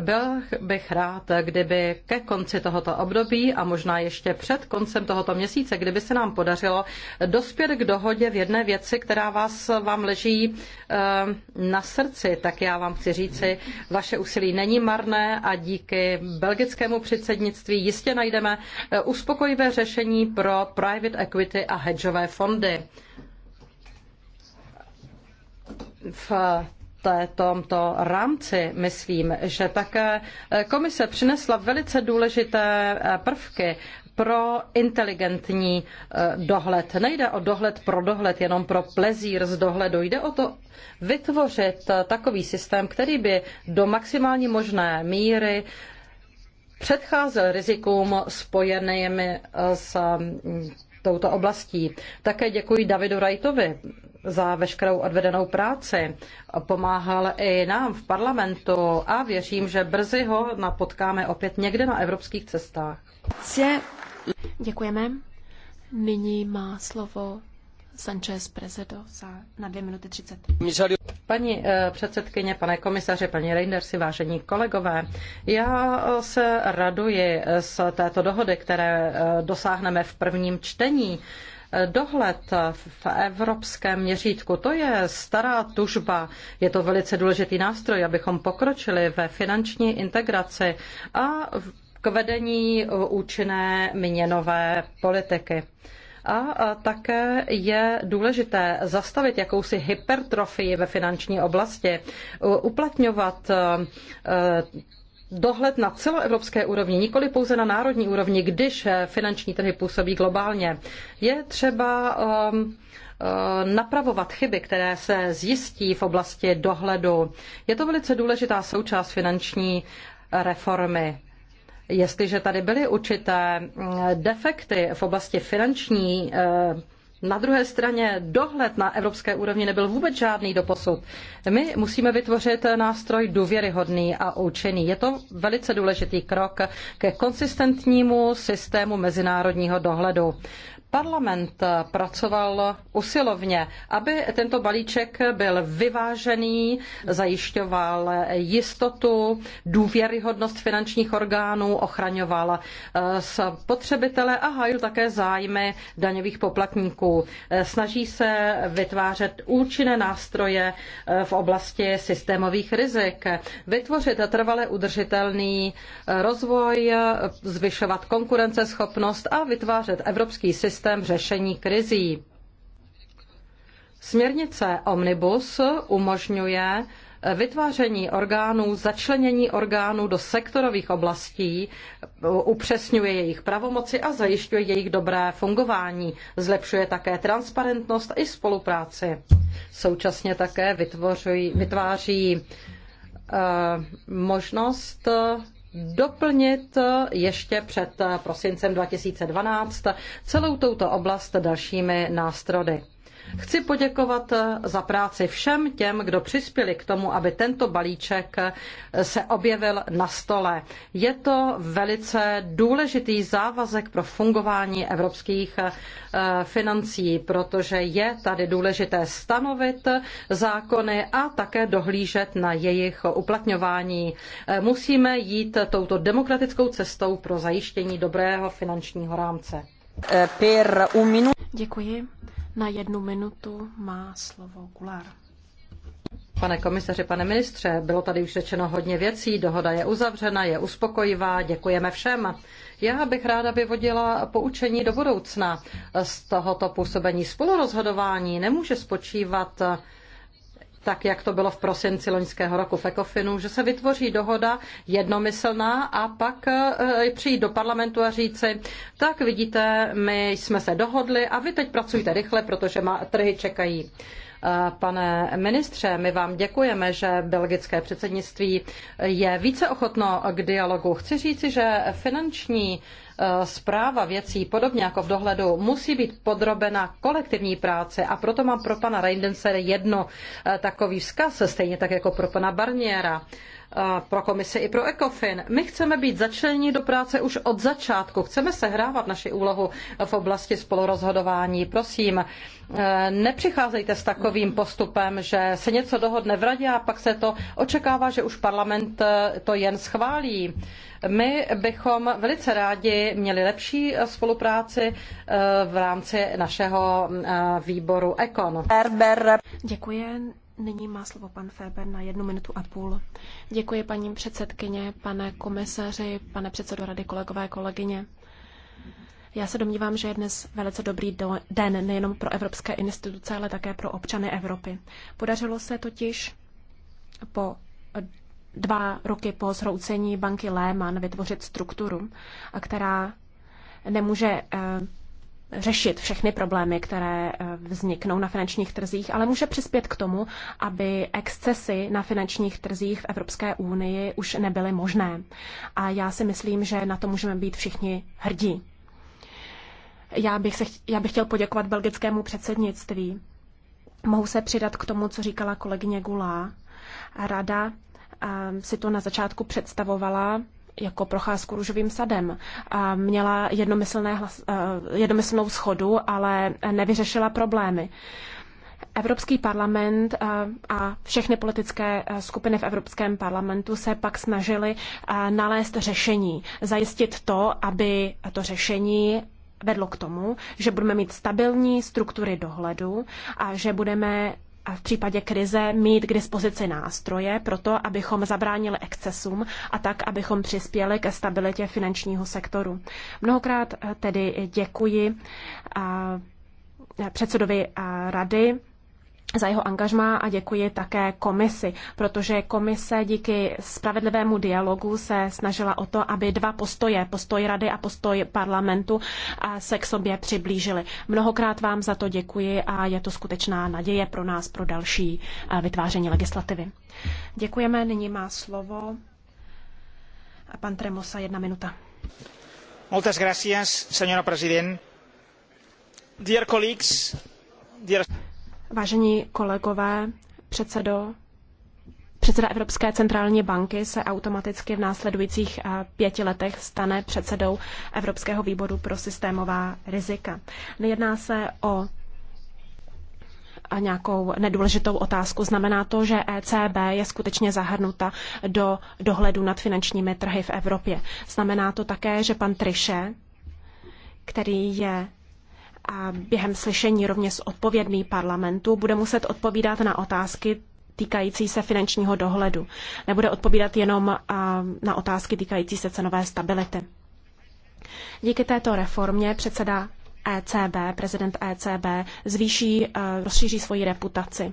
byl bych rád, kdyby ke konci tohoto období a možná ještě před koncem tohoto měsíce, kdyby se nám podařilo dospět k dohodě v jedné věci, která vás vám leží eh, na srdci, tak já vám chci říci, vaše úsilí není marné a díky belgickému předsednictví jistě najdeme eh, uspokojivé řešení pro private equity a hedžové fondy v tomto rámci myslím, že také komise přinesla velice důležité prvky pro inteligentní eh, dohled. Nejde o dohled pro dohled, jenom pro plezír z dohledu. Jde o to vytvořit eh, takový systém, který by do maximální možné míry předcházel rizikům spojeným eh, s mm, touto oblastí. Také děkuji Davidu Wrightovi za veškerou odvedenou práci. Pomáhal i nám v parlamentu a věřím, že brzy ho napotkáme opět někde na evropských cestách. Děkujeme. Nyní má slovo Sanchez Prezedo za na 2 minuty 30. Paní eh, předsedkyně, pane komisaři, paní Reindersi, vážení kolegové, já se raduji z této dohody, které eh, dosáhneme v prvním čtení Dohled v evropském měřítku, to je stará tužba. Je to velice důležitý nástroj, abychom pokročili ve finanční integraci a k vedení účinné měnové politiky. A také je důležité zastavit jakousi hypertrofii ve finanční oblasti, uplatňovat eh, dohled na celoevropské úrovni, nikoli pouze na národní úrovni, když eh, finanční trhy působí globálně. Je třeba ehm, eh, napravovat chyby, které se zjistí v oblasti dohledu. Je to velice důležitá součást finanční reformy. Jestliže tady byly určité mm, defekty v oblasti finanční eh, na druhé straně dohled na evropské úrovni nebyl vůbec žádný doposud. My musíme vytvořit nástroj důvěryhodný a účinný. Je to velice důležitý krok ke konsistentnímu systému mezinárodního dohledu. Parlament pracoval usilovně, aby tento balíček byl vyvážený, zajišťoval jistotu, důvěryhodnost finančních orgánů, ochraňoval eh, spotřebitele a hájil také zájmy daňových poplatníků. Eh, snaží se vytvářet účinné nástroje eh, v oblasti systémových rizik, vytvořit trvale udržitelný rozvoj, zvyšovat konkurenceschopnost a vytvářet evropský systém systém řešení krizí. Směrnice Omnibus umožňuje vytváření orgánů, začlenění orgánů do sektorových oblastí, upřesňuje jejich pravomoci a zajišťuje jejich dobré fungování. Zlepšuje také transparentnost i spolupráci. Současně také vytvoří, vytváří eh, možnost doplnit ještě před prosincem 2012 celou touto oblast dalšími nástroji. Chci poděkovat eh, za práci všem těm, kdo přispěli k tomu, aby tento balíček eh, se objevil na stole. Je to velice důležitý závazek pro fungování evropských eh, financí, protože je tady důležité stanovit zákony a také dohlížet na jejich uplatňování. Musíme jít touto demokratickou cestou pro zajištění dobrého finančního rámce. Děkuji. Na jednu minutu má slovo Gular. Pane komisaři, pane ministře, bylo tady už řečeno hodně věcí, dohoda je uzavřena, je uspokojivá, děkujeme všem. Já bych ráda vyvodila poučení do budoucna. Z tohoto působení spolurozhodování nemůže spočívat tak jak to bylo v prosinci loňského roku v Ekofinu, že se vytvoří dohoda jednomyslná a pak e, e, přijít do parlamentu a říci, tak vidíte, my jsme se dohodli a vy teď pracujte rychle, protože má, trhy čekají. Eh, pane ministře, my vám děkujeme, že belgické předsednictví je více ochotno k dialogu. Chci říci, že finanční zpráva eh, věcí, podobně jako v dohledu, musí být podrobena kolektivní práci a proto mám pro pana Reindense jedno eh, takový vzkaz, stejně tak jako pro pana Barniera pro komisi i pro ECOFIN. My chceme být začlení do práce už od začátku. Chceme sehrávat naši úlohu v oblasti spolurozhodování. Prosím, e, nepřicházejte s takovým postupem, že se něco dohodne v radě a pak se to očekává, že už parlament e, to jen schválí. My bychom velice rádi měli lepší spolupráci e, v rámci našeho výboru ECON. Děkuji. Nyní má slovo pan Feber na jednu minutu a půl. Děkuji paní předsedkyně, pane komisaři, pane předsedo rady, kolegové, kolegyně. Já se domnívám, že je dnes velice dobrý den nejenom pro evropské instituce, ale také pro občany Evropy. Podařilo se totiž po dva roky po zhroucení banky Lehman vytvořit strukturu, která nemůže eh, řešit všechny problémy, které eh, vzniknou na finančních trzích, ale může přispět k tomu, aby excesy na finančních trzích v Evropské unii už nebyly možné. A já si myslím, že na to můžeme být všichni hrdí. Já bych, se, já bych chtěl poděkovat belgickému předsednictví. Mohu se přidat k tomu, co říkala kolegyně Gula. Rada eh, si to na začátku představovala jako procházku růžovým sadem. A měla jednomyslné hlas, eh, jednomyslnou schodu, ale nevyřešila problémy. Evropský parlament eh, a všechny politické eh, skupiny v Evropském parlamentu se pak snažily nalézt řešení, zajistit to, aby to řešení vedlo k tomu, že budeme mít stabilní struktury dohledu a že budeme v případě krize mít k dispozici nástroje pro to, abychom zabránili excesům a tak, abychom přispěli ke stabilitě finančního sektoru. Mnohokrát eh, tedy děkuji eh, předsedovi eh, rady za jeho angažmá a děkuji také komisi, protože komise díky spravedlivému dialogu se snažila o to, aby dva postoje, postoj rady a postoj parlamentu, se k sobě přiblížily. Mnohokrát vám za to děkuji a je to skutečná naděje pro nás pro další vytváření legislativy. Děkujeme, nyní má slovo a pan Tremosa, jedna minuta. Moltes gracias, señora president. Dear colleagues, dear... Vážení kolegové, předsedo, předseda Evropské centrální banky se automaticky v následujících eh, pěti letech stane předsedou Evropského výboru pro systémová rizika. Nejedná se o a nějakou nedůležitou otázku. Znamená to, že ECB je skutečně zahrnuta do dohledu nad finančními trhy v Evropě. Znamená to také, že pan Triše, který je a během slyšení rovněž odpovědný parlamentu bude muset odpovídat na otázky týkající se finančního dohledu. Nebude odpovídat jenom na otázky týkající se cenové stability. Díky této reformě předseda ECB, prezident ECB, zvýší, rozšíří svoji reputaci.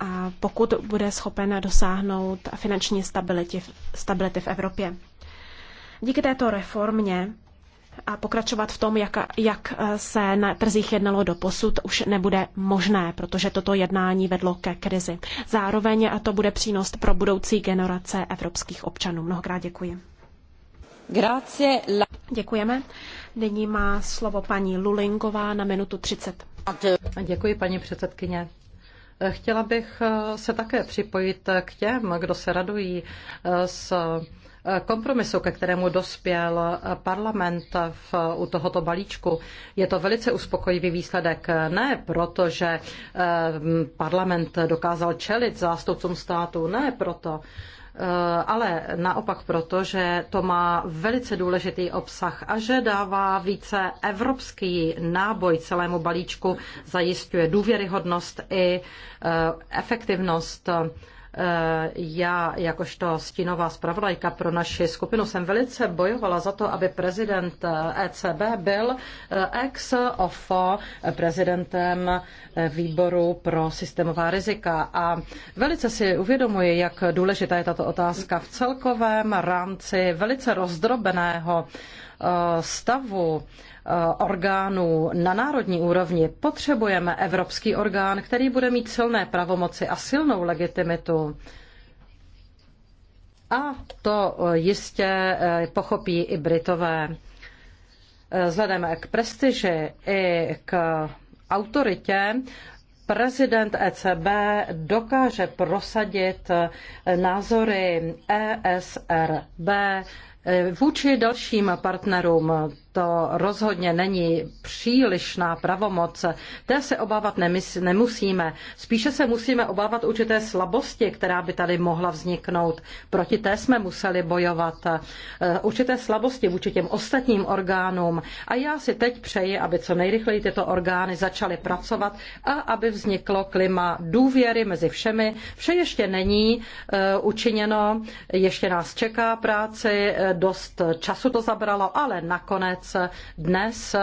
A pokud bude schopen dosáhnout finanční stability, stability v Evropě. Díky této reformě a pokračovat v tom, jak, jak eh, se na trzích jednalo do posud, už nebude možné, protože toto jednání vedlo ke krizi. Zároveň a to bude přínos pro budoucí generace evropských občanů. Mnohokrát děkuji. Grazie. Děkujeme. Nyní má slovo paní Lulingová na minutu 30. Děkuji, paní předsedkyně. Chtěla bych eh, se také připojit k těm, kdo se radují eh, s kompromisu, ke kterému dospěl parlament v, u tohoto balíčku. Je to velice uspokojivý výsledek. Ne proto, že eh, parlament dokázal čelit zástupcům státu, ne proto, eh, ale naopak proto, že to má velice důležitý obsah a že dává více evropský náboj celému balíčku, zajišťuje důvěryhodnost i eh, efektivnost Eh, já, jakožto stínová zpravodajka pro naši skupinu, jsem velice bojovala za to, aby prezident ECB eh, e byl eh, ex ofo prezidentem výboru pro systémová rizika. A velice si uvědomuji, jak důležitá je tato otázka v celkovém rámci velice rozdrobeného stavu Eh, orgánů na národní úrovni, potřebujeme evropský orgán, který bude mít silné pravomoci a silnou legitimitu. A to eh, jistě eh, pochopí i Britové. Vzhledem k prestiži i k autoritě prezident ECB dokáže prosadit názory ESRB vůči dalším partnerům to rozhodně není přílišná pravomoc, té se obávat nemysl, nemusíme. Spíše se musíme obávat určité slabosti, která by tady mohla vzniknout. Proti té jsme museli bojovat. Eh, určité slabosti vůči těm ostatním orgánům. A já si teď přeji, aby co nejrychleji tyto orgány začaly pracovat a aby vzniklo klima důvěry mezi všemi. Vše ještě není eh, učiněno, ještě nás čeká práci, eh, dost času to zabralo, ale nakonec práce. Dnes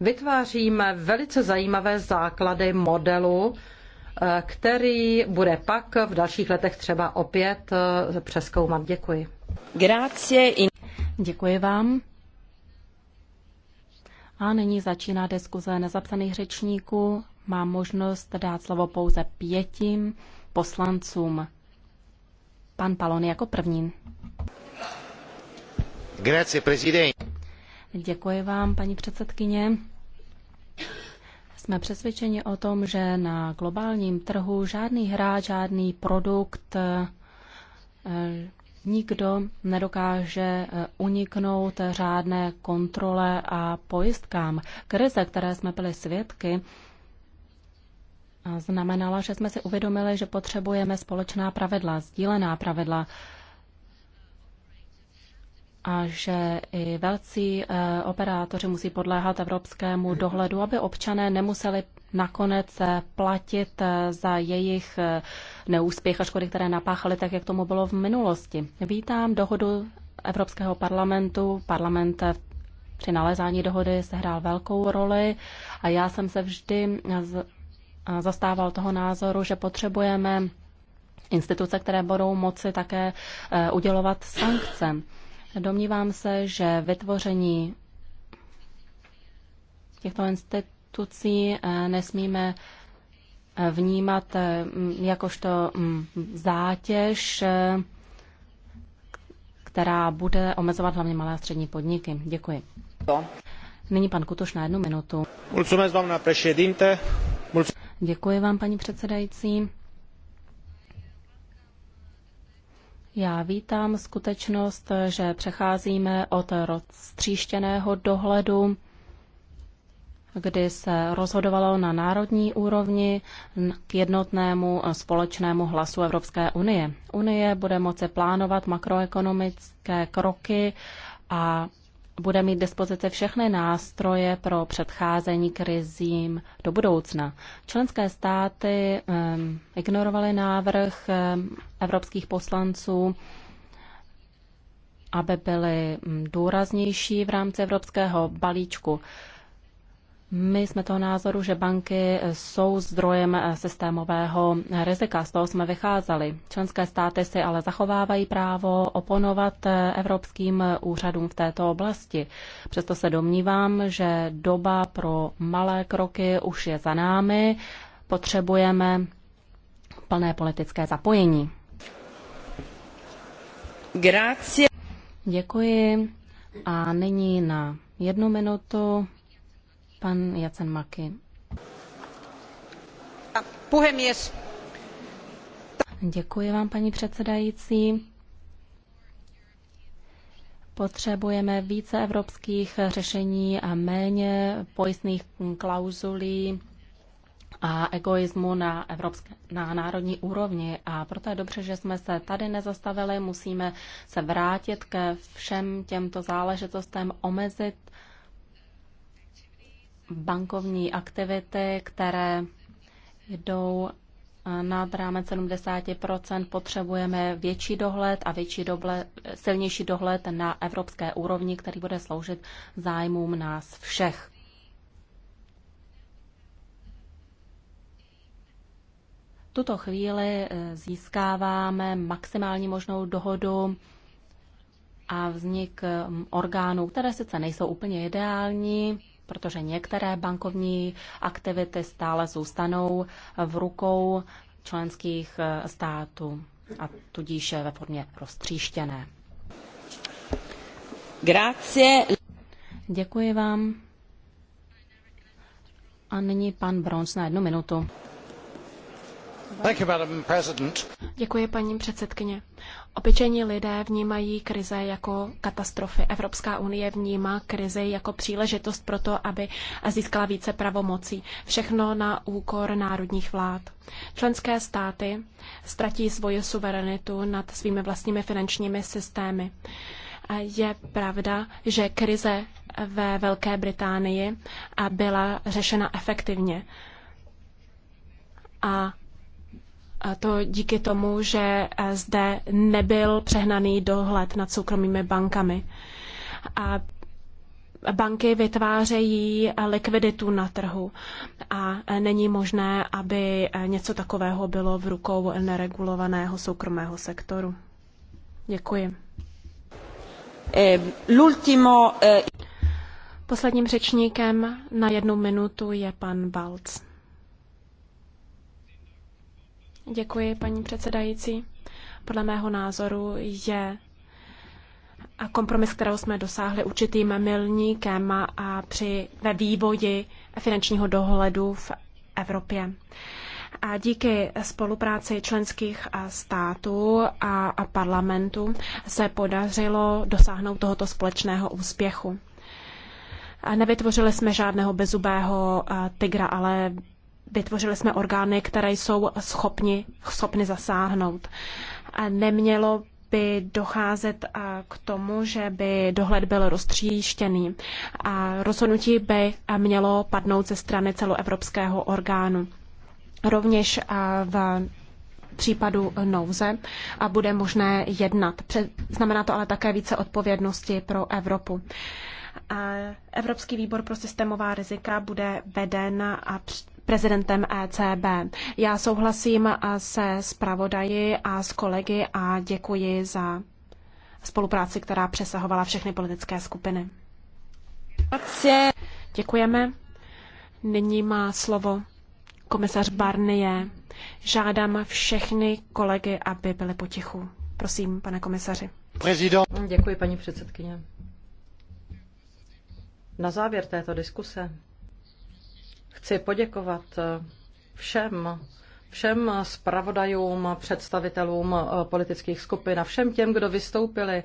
vytváříme velice zajímavé základy modelu, který bude pak v dalších letech třeba opět eh, přeskoumat. Děkuji. Děkuji vám. A nyní začíná diskuze nezapsaných řečníků. Má možnost dát slovo pouze pětím poslancům. Pan Palon jako první. Grazie, prezident. Děkuji vám, paní předsedkyně. Jsme přesvědčeni o tom, že na globálním trhu žádný hráč, žádný produkt, eh, nikdo nedokáže eh, uniknout řádné kontrole a pojistkám. Krize, které jsme byli svědky, znamenala, že jsme si uvědomili, že potřebujeme společná pravidla, sdílená pravidla a že i velcí eh, operátoři musí podléhat evropskému dohledu, aby občané nemuseli nakonec eh, platit eh, za jejich neúspěch a škody, které napáchali, tak jak tomu bylo v minulosti. Vítám dohodu Evropského parlamentu. Parlament při nalezání dohody sehrál velkou roli a já jsem se vždy zastával toho názoru, že potřebujeme instituce, které budou moci také udělovat sankce. Domnívám se, že vytvoření těchto institucí eh, nesmíme eh, vnímat eh, jakožto mm, zátěž, která bude omezovat hlavně malé a střední podniky. Děkuji. Nyní pan Kutoš na jednu minutu. Děkuji vám, paní předsedající. Já vítám skutečnost, že přecházíme od roztříštěného dohledu, kdy se rozhodovalo na národní úrovni k jednotnému společnému hlasu Evropské unie. Unie bude moci plánovat makroekonomické kroky a bude mít dispozici všechny nástroje pro předcházení krizím do budoucna. Členské státy um, ignorovaly návrh um, evropských poslanců, aby byly mm, důraznější v rámci evropského balíčku my jsme toho názoru, že banky jsou zdrojem systémového rizika. Z toho jsme vycházeli. Členské státy si ale zachovávají právo oponovat evropským úřadům v této oblasti. Přesto se domnívám, že doba pro malé kroky už je za námi. Potřebujeme plné politické zapojení. Grazie. Děkuji. A nyní na jednu minutu Pan Puhemies. Děkuji vám, paní předsedající. Potřebujeme více evropských řešení a méně pojistných klauzulí a egoismu na, evropské, na národní úrovni. A proto je dobře, že jsme se tady nezastavili. Musíme se vrátit ke všem těmto záležitostem, omezit bankovní aktivity, které jdou eh, nad rámec 70 potřebujeme větší dohled a větší doble, silnější dohled na evropské úrovni, který bude sloužit zájmům nás všech. tuto chvíli eh, získáváme maximální možnou dohodu a vznik eh, orgánů, které sice nejsou úplně ideální, protože některé bankovní aktivity stále zůstanou v rukou členských eh, států a tudíž ve formě roztříštěné. Grazie. Děkuji vám. A nyní pan Bronz na jednu minutu. Děkuji, paní předsedkyně. Obyčejní lidé vnímají krize jako katastrofy. Evropská unie vnímá krizi jako příležitost pro to, aby získala více pravomocí. Všechno na úkor národních vlád. Členské státy ztratí svoji suverenitu nad svými vlastními finančními systémy. Je pravda, že krize ve Velké Británii byla řešena efektivně. A a to díky tomu, že eh, zde nebyl přehnaný dohled nad soukromými bankami. A banky vytvářejí likviditu na trhu a eh, není možné, aby eh, něco takového bylo v rukou neregulovaného soukromého sektoru. Děkuji. Posledním řečníkem na jednu minutu je pan Balc. Děkuji, paní předsedající. Podle mého názoru je a kompromis, kterého jsme dosáhli určitým milníkem a při, ve vývoji finančního dohledu v Evropě. A díky spolupráci členských států a parlamentu se podařilo dosáhnout tohoto společného úspěchu. Nevytvořili jsme žádného bezubého tygra, ale vytvořili jsme orgány, které jsou schopni, schopni zasáhnout. A nemělo by docházet k tomu, že by dohled byl roztříštěný. A rozhodnutí by mělo padnout ze strany celoevropského orgánu. Rovněž v případu nouze a bude možné jednat. Znamená to ale také více odpovědnosti pro Evropu. Evropský výbor pro systémová rizika bude veden a prezidentem ECB. Já souhlasím se zpravodaji a s kolegy a děkuji za spolupráci, která přesahovala všechny politické skupiny. Děkujeme. Nyní má slovo komisař Barnier. Žádám všechny kolegy, aby byli potichu. Prosím, pane komisaři. Prezident. Děkuji, paní předsedkyně. Na závěr této diskuse Chci poděkovat eh, všem, všem zpravodajům, představitelům eh, politických skupin a všem těm, kdo vystoupili eh,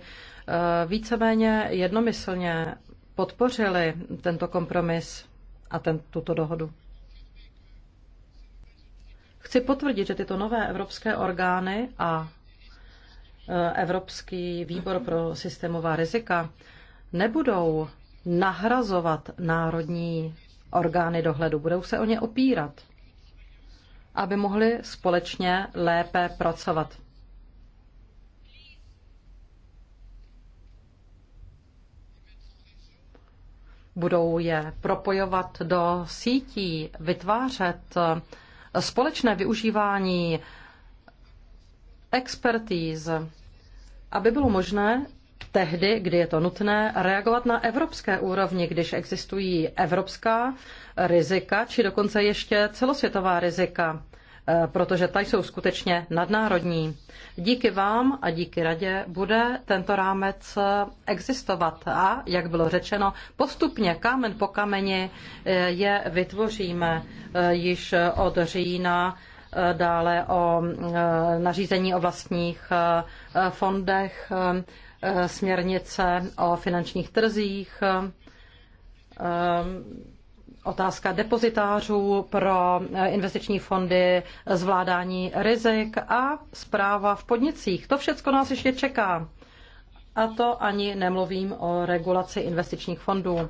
víceméně jednomyslně podpořili tento kompromis a ten, tuto dohodu. Chci potvrdit, že tyto nové evropské orgány a Evropský výbor pro systémová rizika nebudou nahrazovat národní orgány dohledu, budou se o ně opírat, aby mohli společně lépe pracovat. Budou je propojovat do sítí, vytvářet eh, společné využívání expertíz, aby bylo možné tehdy, kdy je to nutné, reagovat na evropské úrovni, když existují evropská rizika, či dokonce ještě celosvětová rizika, eh, protože ta jsou skutečně nadnárodní. Díky vám a díky radě bude tento rámec eh, existovat a, jak bylo řečeno, postupně kámen po kameni eh, je vytvoříme již od října dále o nařízení o vlastních fondech, Eh, směrnice o finančních trzích, eh, otázka depozitářů pro eh, investiční fondy, zvládání rizik a zpráva v podnicích. To všechno nás ještě čeká. A to ani nemluvím o regulaci investičních fondů.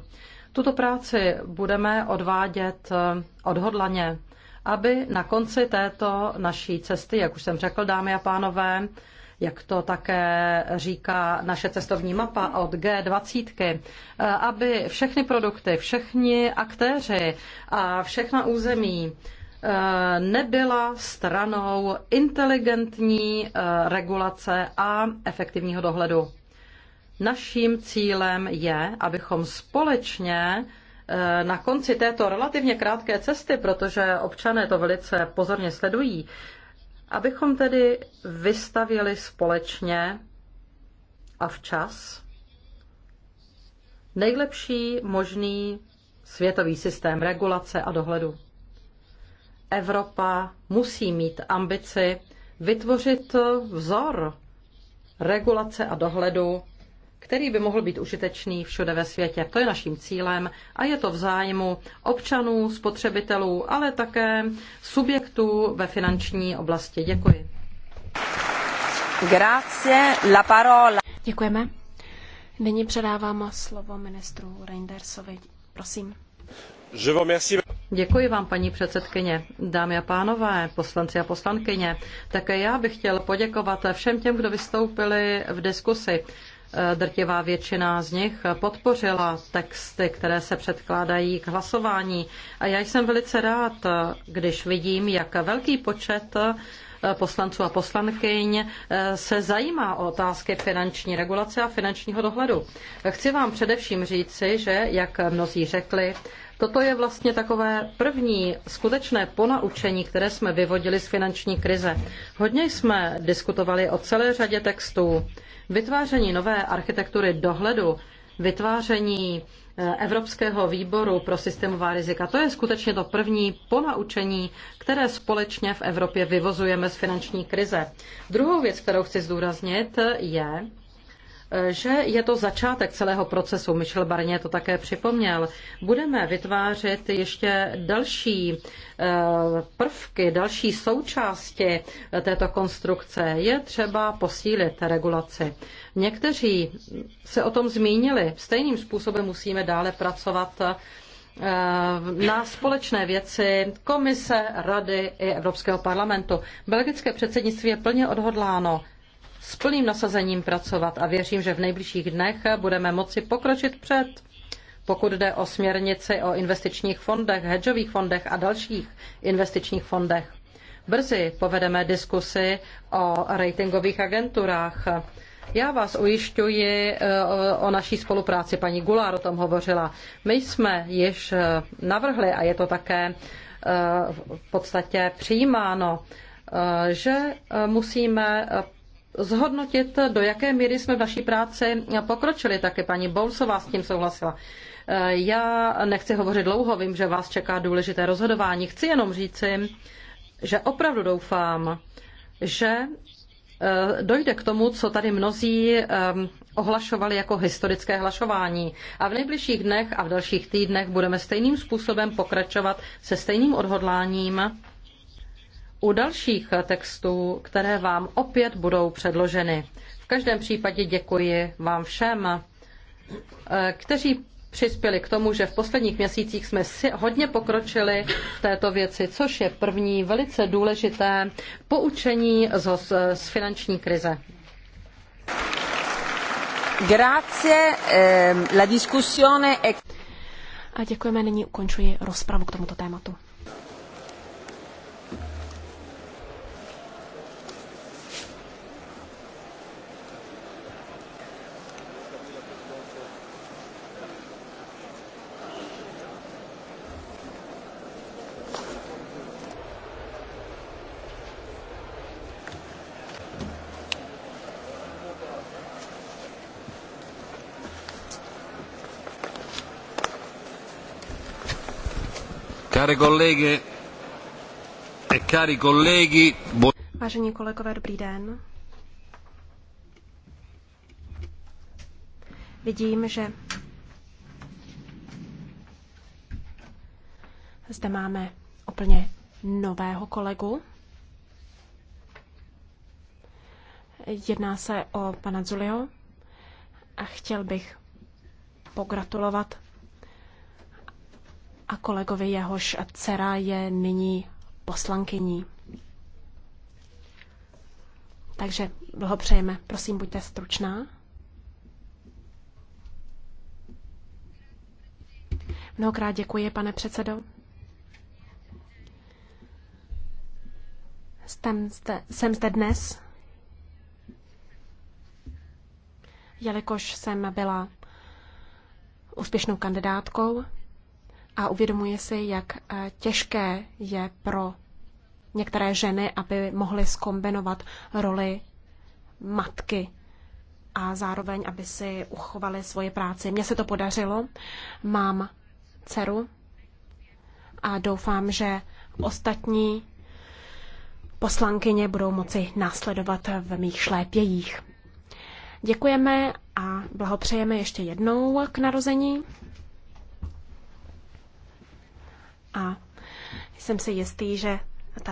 Tuto práci budeme odvádět odhodlaně, aby na konci této naší cesty, jak už jsem řekl, dámy a pánové, jak to také říká naše cestovní mapa od G20, aby všechny produkty, všechny aktéři a všechna území eh, nebyla stranou inteligentní eh, regulace a efektivního dohledu. Naším cílem je, abychom společně eh, na konci této relativně krátké cesty, protože občané to velice pozorně sledují, abychom tedy vystavili společně a včas nejlepší možný světový systém regulace a dohledu. Evropa musí mít ambici vytvořit vzor regulace a dohledu který by mohl být užitečný všude ve světě. To je naším cílem a je to v zájmu občanů, spotřebitelů, ale také subjektů ve finanční oblasti. Děkuji. Grazie, la parola. Děkujeme. Nyní předávám slovo ministru Reindersovi. Prosím. Děkuji vám, paní předsedkyně, dámy a pánové, poslanci a poslankyně. Také já bych chtěl poděkovat všem těm, kdo vystoupili v diskusi drtivá většina z nich podpořila texty, které se předkládají k hlasování. A já jsem velice rád, když vidím, jak velký počet eh, poslanců a poslankyň eh, se zajímá o otázky finanční regulace a finančního dohledu. Chci vám především říci, že, jak mnozí řekli, Toto je vlastně takové první skutečné ponaučení, které jsme vyvodili z finanční krize. Hodně jsme diskutovali o celé řadě textů Vytváření nové architektury dohledu, vytváření eh, Evropského výboru pro systémová rizika. To je skutečně to první ponaučení, které společně v Evropě vyvozujeme z finanční krize. Druhou věc, kterou chci zdůraznit, je, že je to začátek celého procesu. Michel Barnier to také připomněl. Budeme vytvářet ještě další eh, prvky, další součásti eh, této konstrukce. Je třeba posílit regulaci. Někteří se o tom zmínili. Stejným způsobem musíme dále pracovat eh, na společné věci Komise, Rady i Evropského parlamentu. Belgické předsednictví je plně odhodláno s plným nasazením pracovat a věřím, že v nejbližších dnech budeme moci pokročit před. Pokud jde o směrnici o investičních fondech, hedžových fondech a dalších investičních fondech, brzy povedeme diskusy o ratingových agenturách. Já vás ujišťuji eh, o naší spolupráci. Paní Gulár o tom hovořila. My jsme již eh, navrhli, a je to také eh, v podstatě přijímáno, že musíme zhodnotit, do jaké míry jsme v naší práci pokročili. Také paní Bolsová s tím souhlasila. Eh, já nechci hovořit dlouho, vím, že vás čeká důležité rozhodování. Chci jenom říci, že opravdu doufám, že eh, dojde k tomu, co tady mnozí eh, ohlašovali jako historické hlašování. A v nejbližších dnech a v dalších týdnech budeme stejným způsobem pokračovat se stejným odhodláním u dalších textů, které vám opět budou předloženy. V každém případě děkuji vám všem, eh, kteří přispěli k tomu, že v posledních měsících jsme si hodně pokročili v této věci, což je první velice důležité poučení z, z finanční krize. Grazie, ehm, la discussione è... A děkujeme, nyní ukončuji rozpravu k tomuto tématu. Care colleghe e cari colleghi, Vážení kolegové, dobrý den. Vidím, že zde máme úplně nového kolegu. Jedná se o pana Zulio a chtěl bych pogratulovat a kolegovi jehož dcera je nyní poslankyní. Takže blahopřejeme. Prosím, buďte stručná. Mnohokrát děkuji, pane předsedo. Jsem zde, jsem zde dnes, jelikož jsem byla úspěšnou kandidátkou a uvědomuje si, jak eh, těžké je pro některé ženy, aby mohly skombinovat roli matky a zároveň, aby si uchovaly svoje práci. Mně se to podařilo, mám dceru a doufám, že ostatní poslankyně budou moci následovat v mých šlépějích. Děkujeme a blahopřejeme ještě jednou k narození. A jsem si jistý, že tato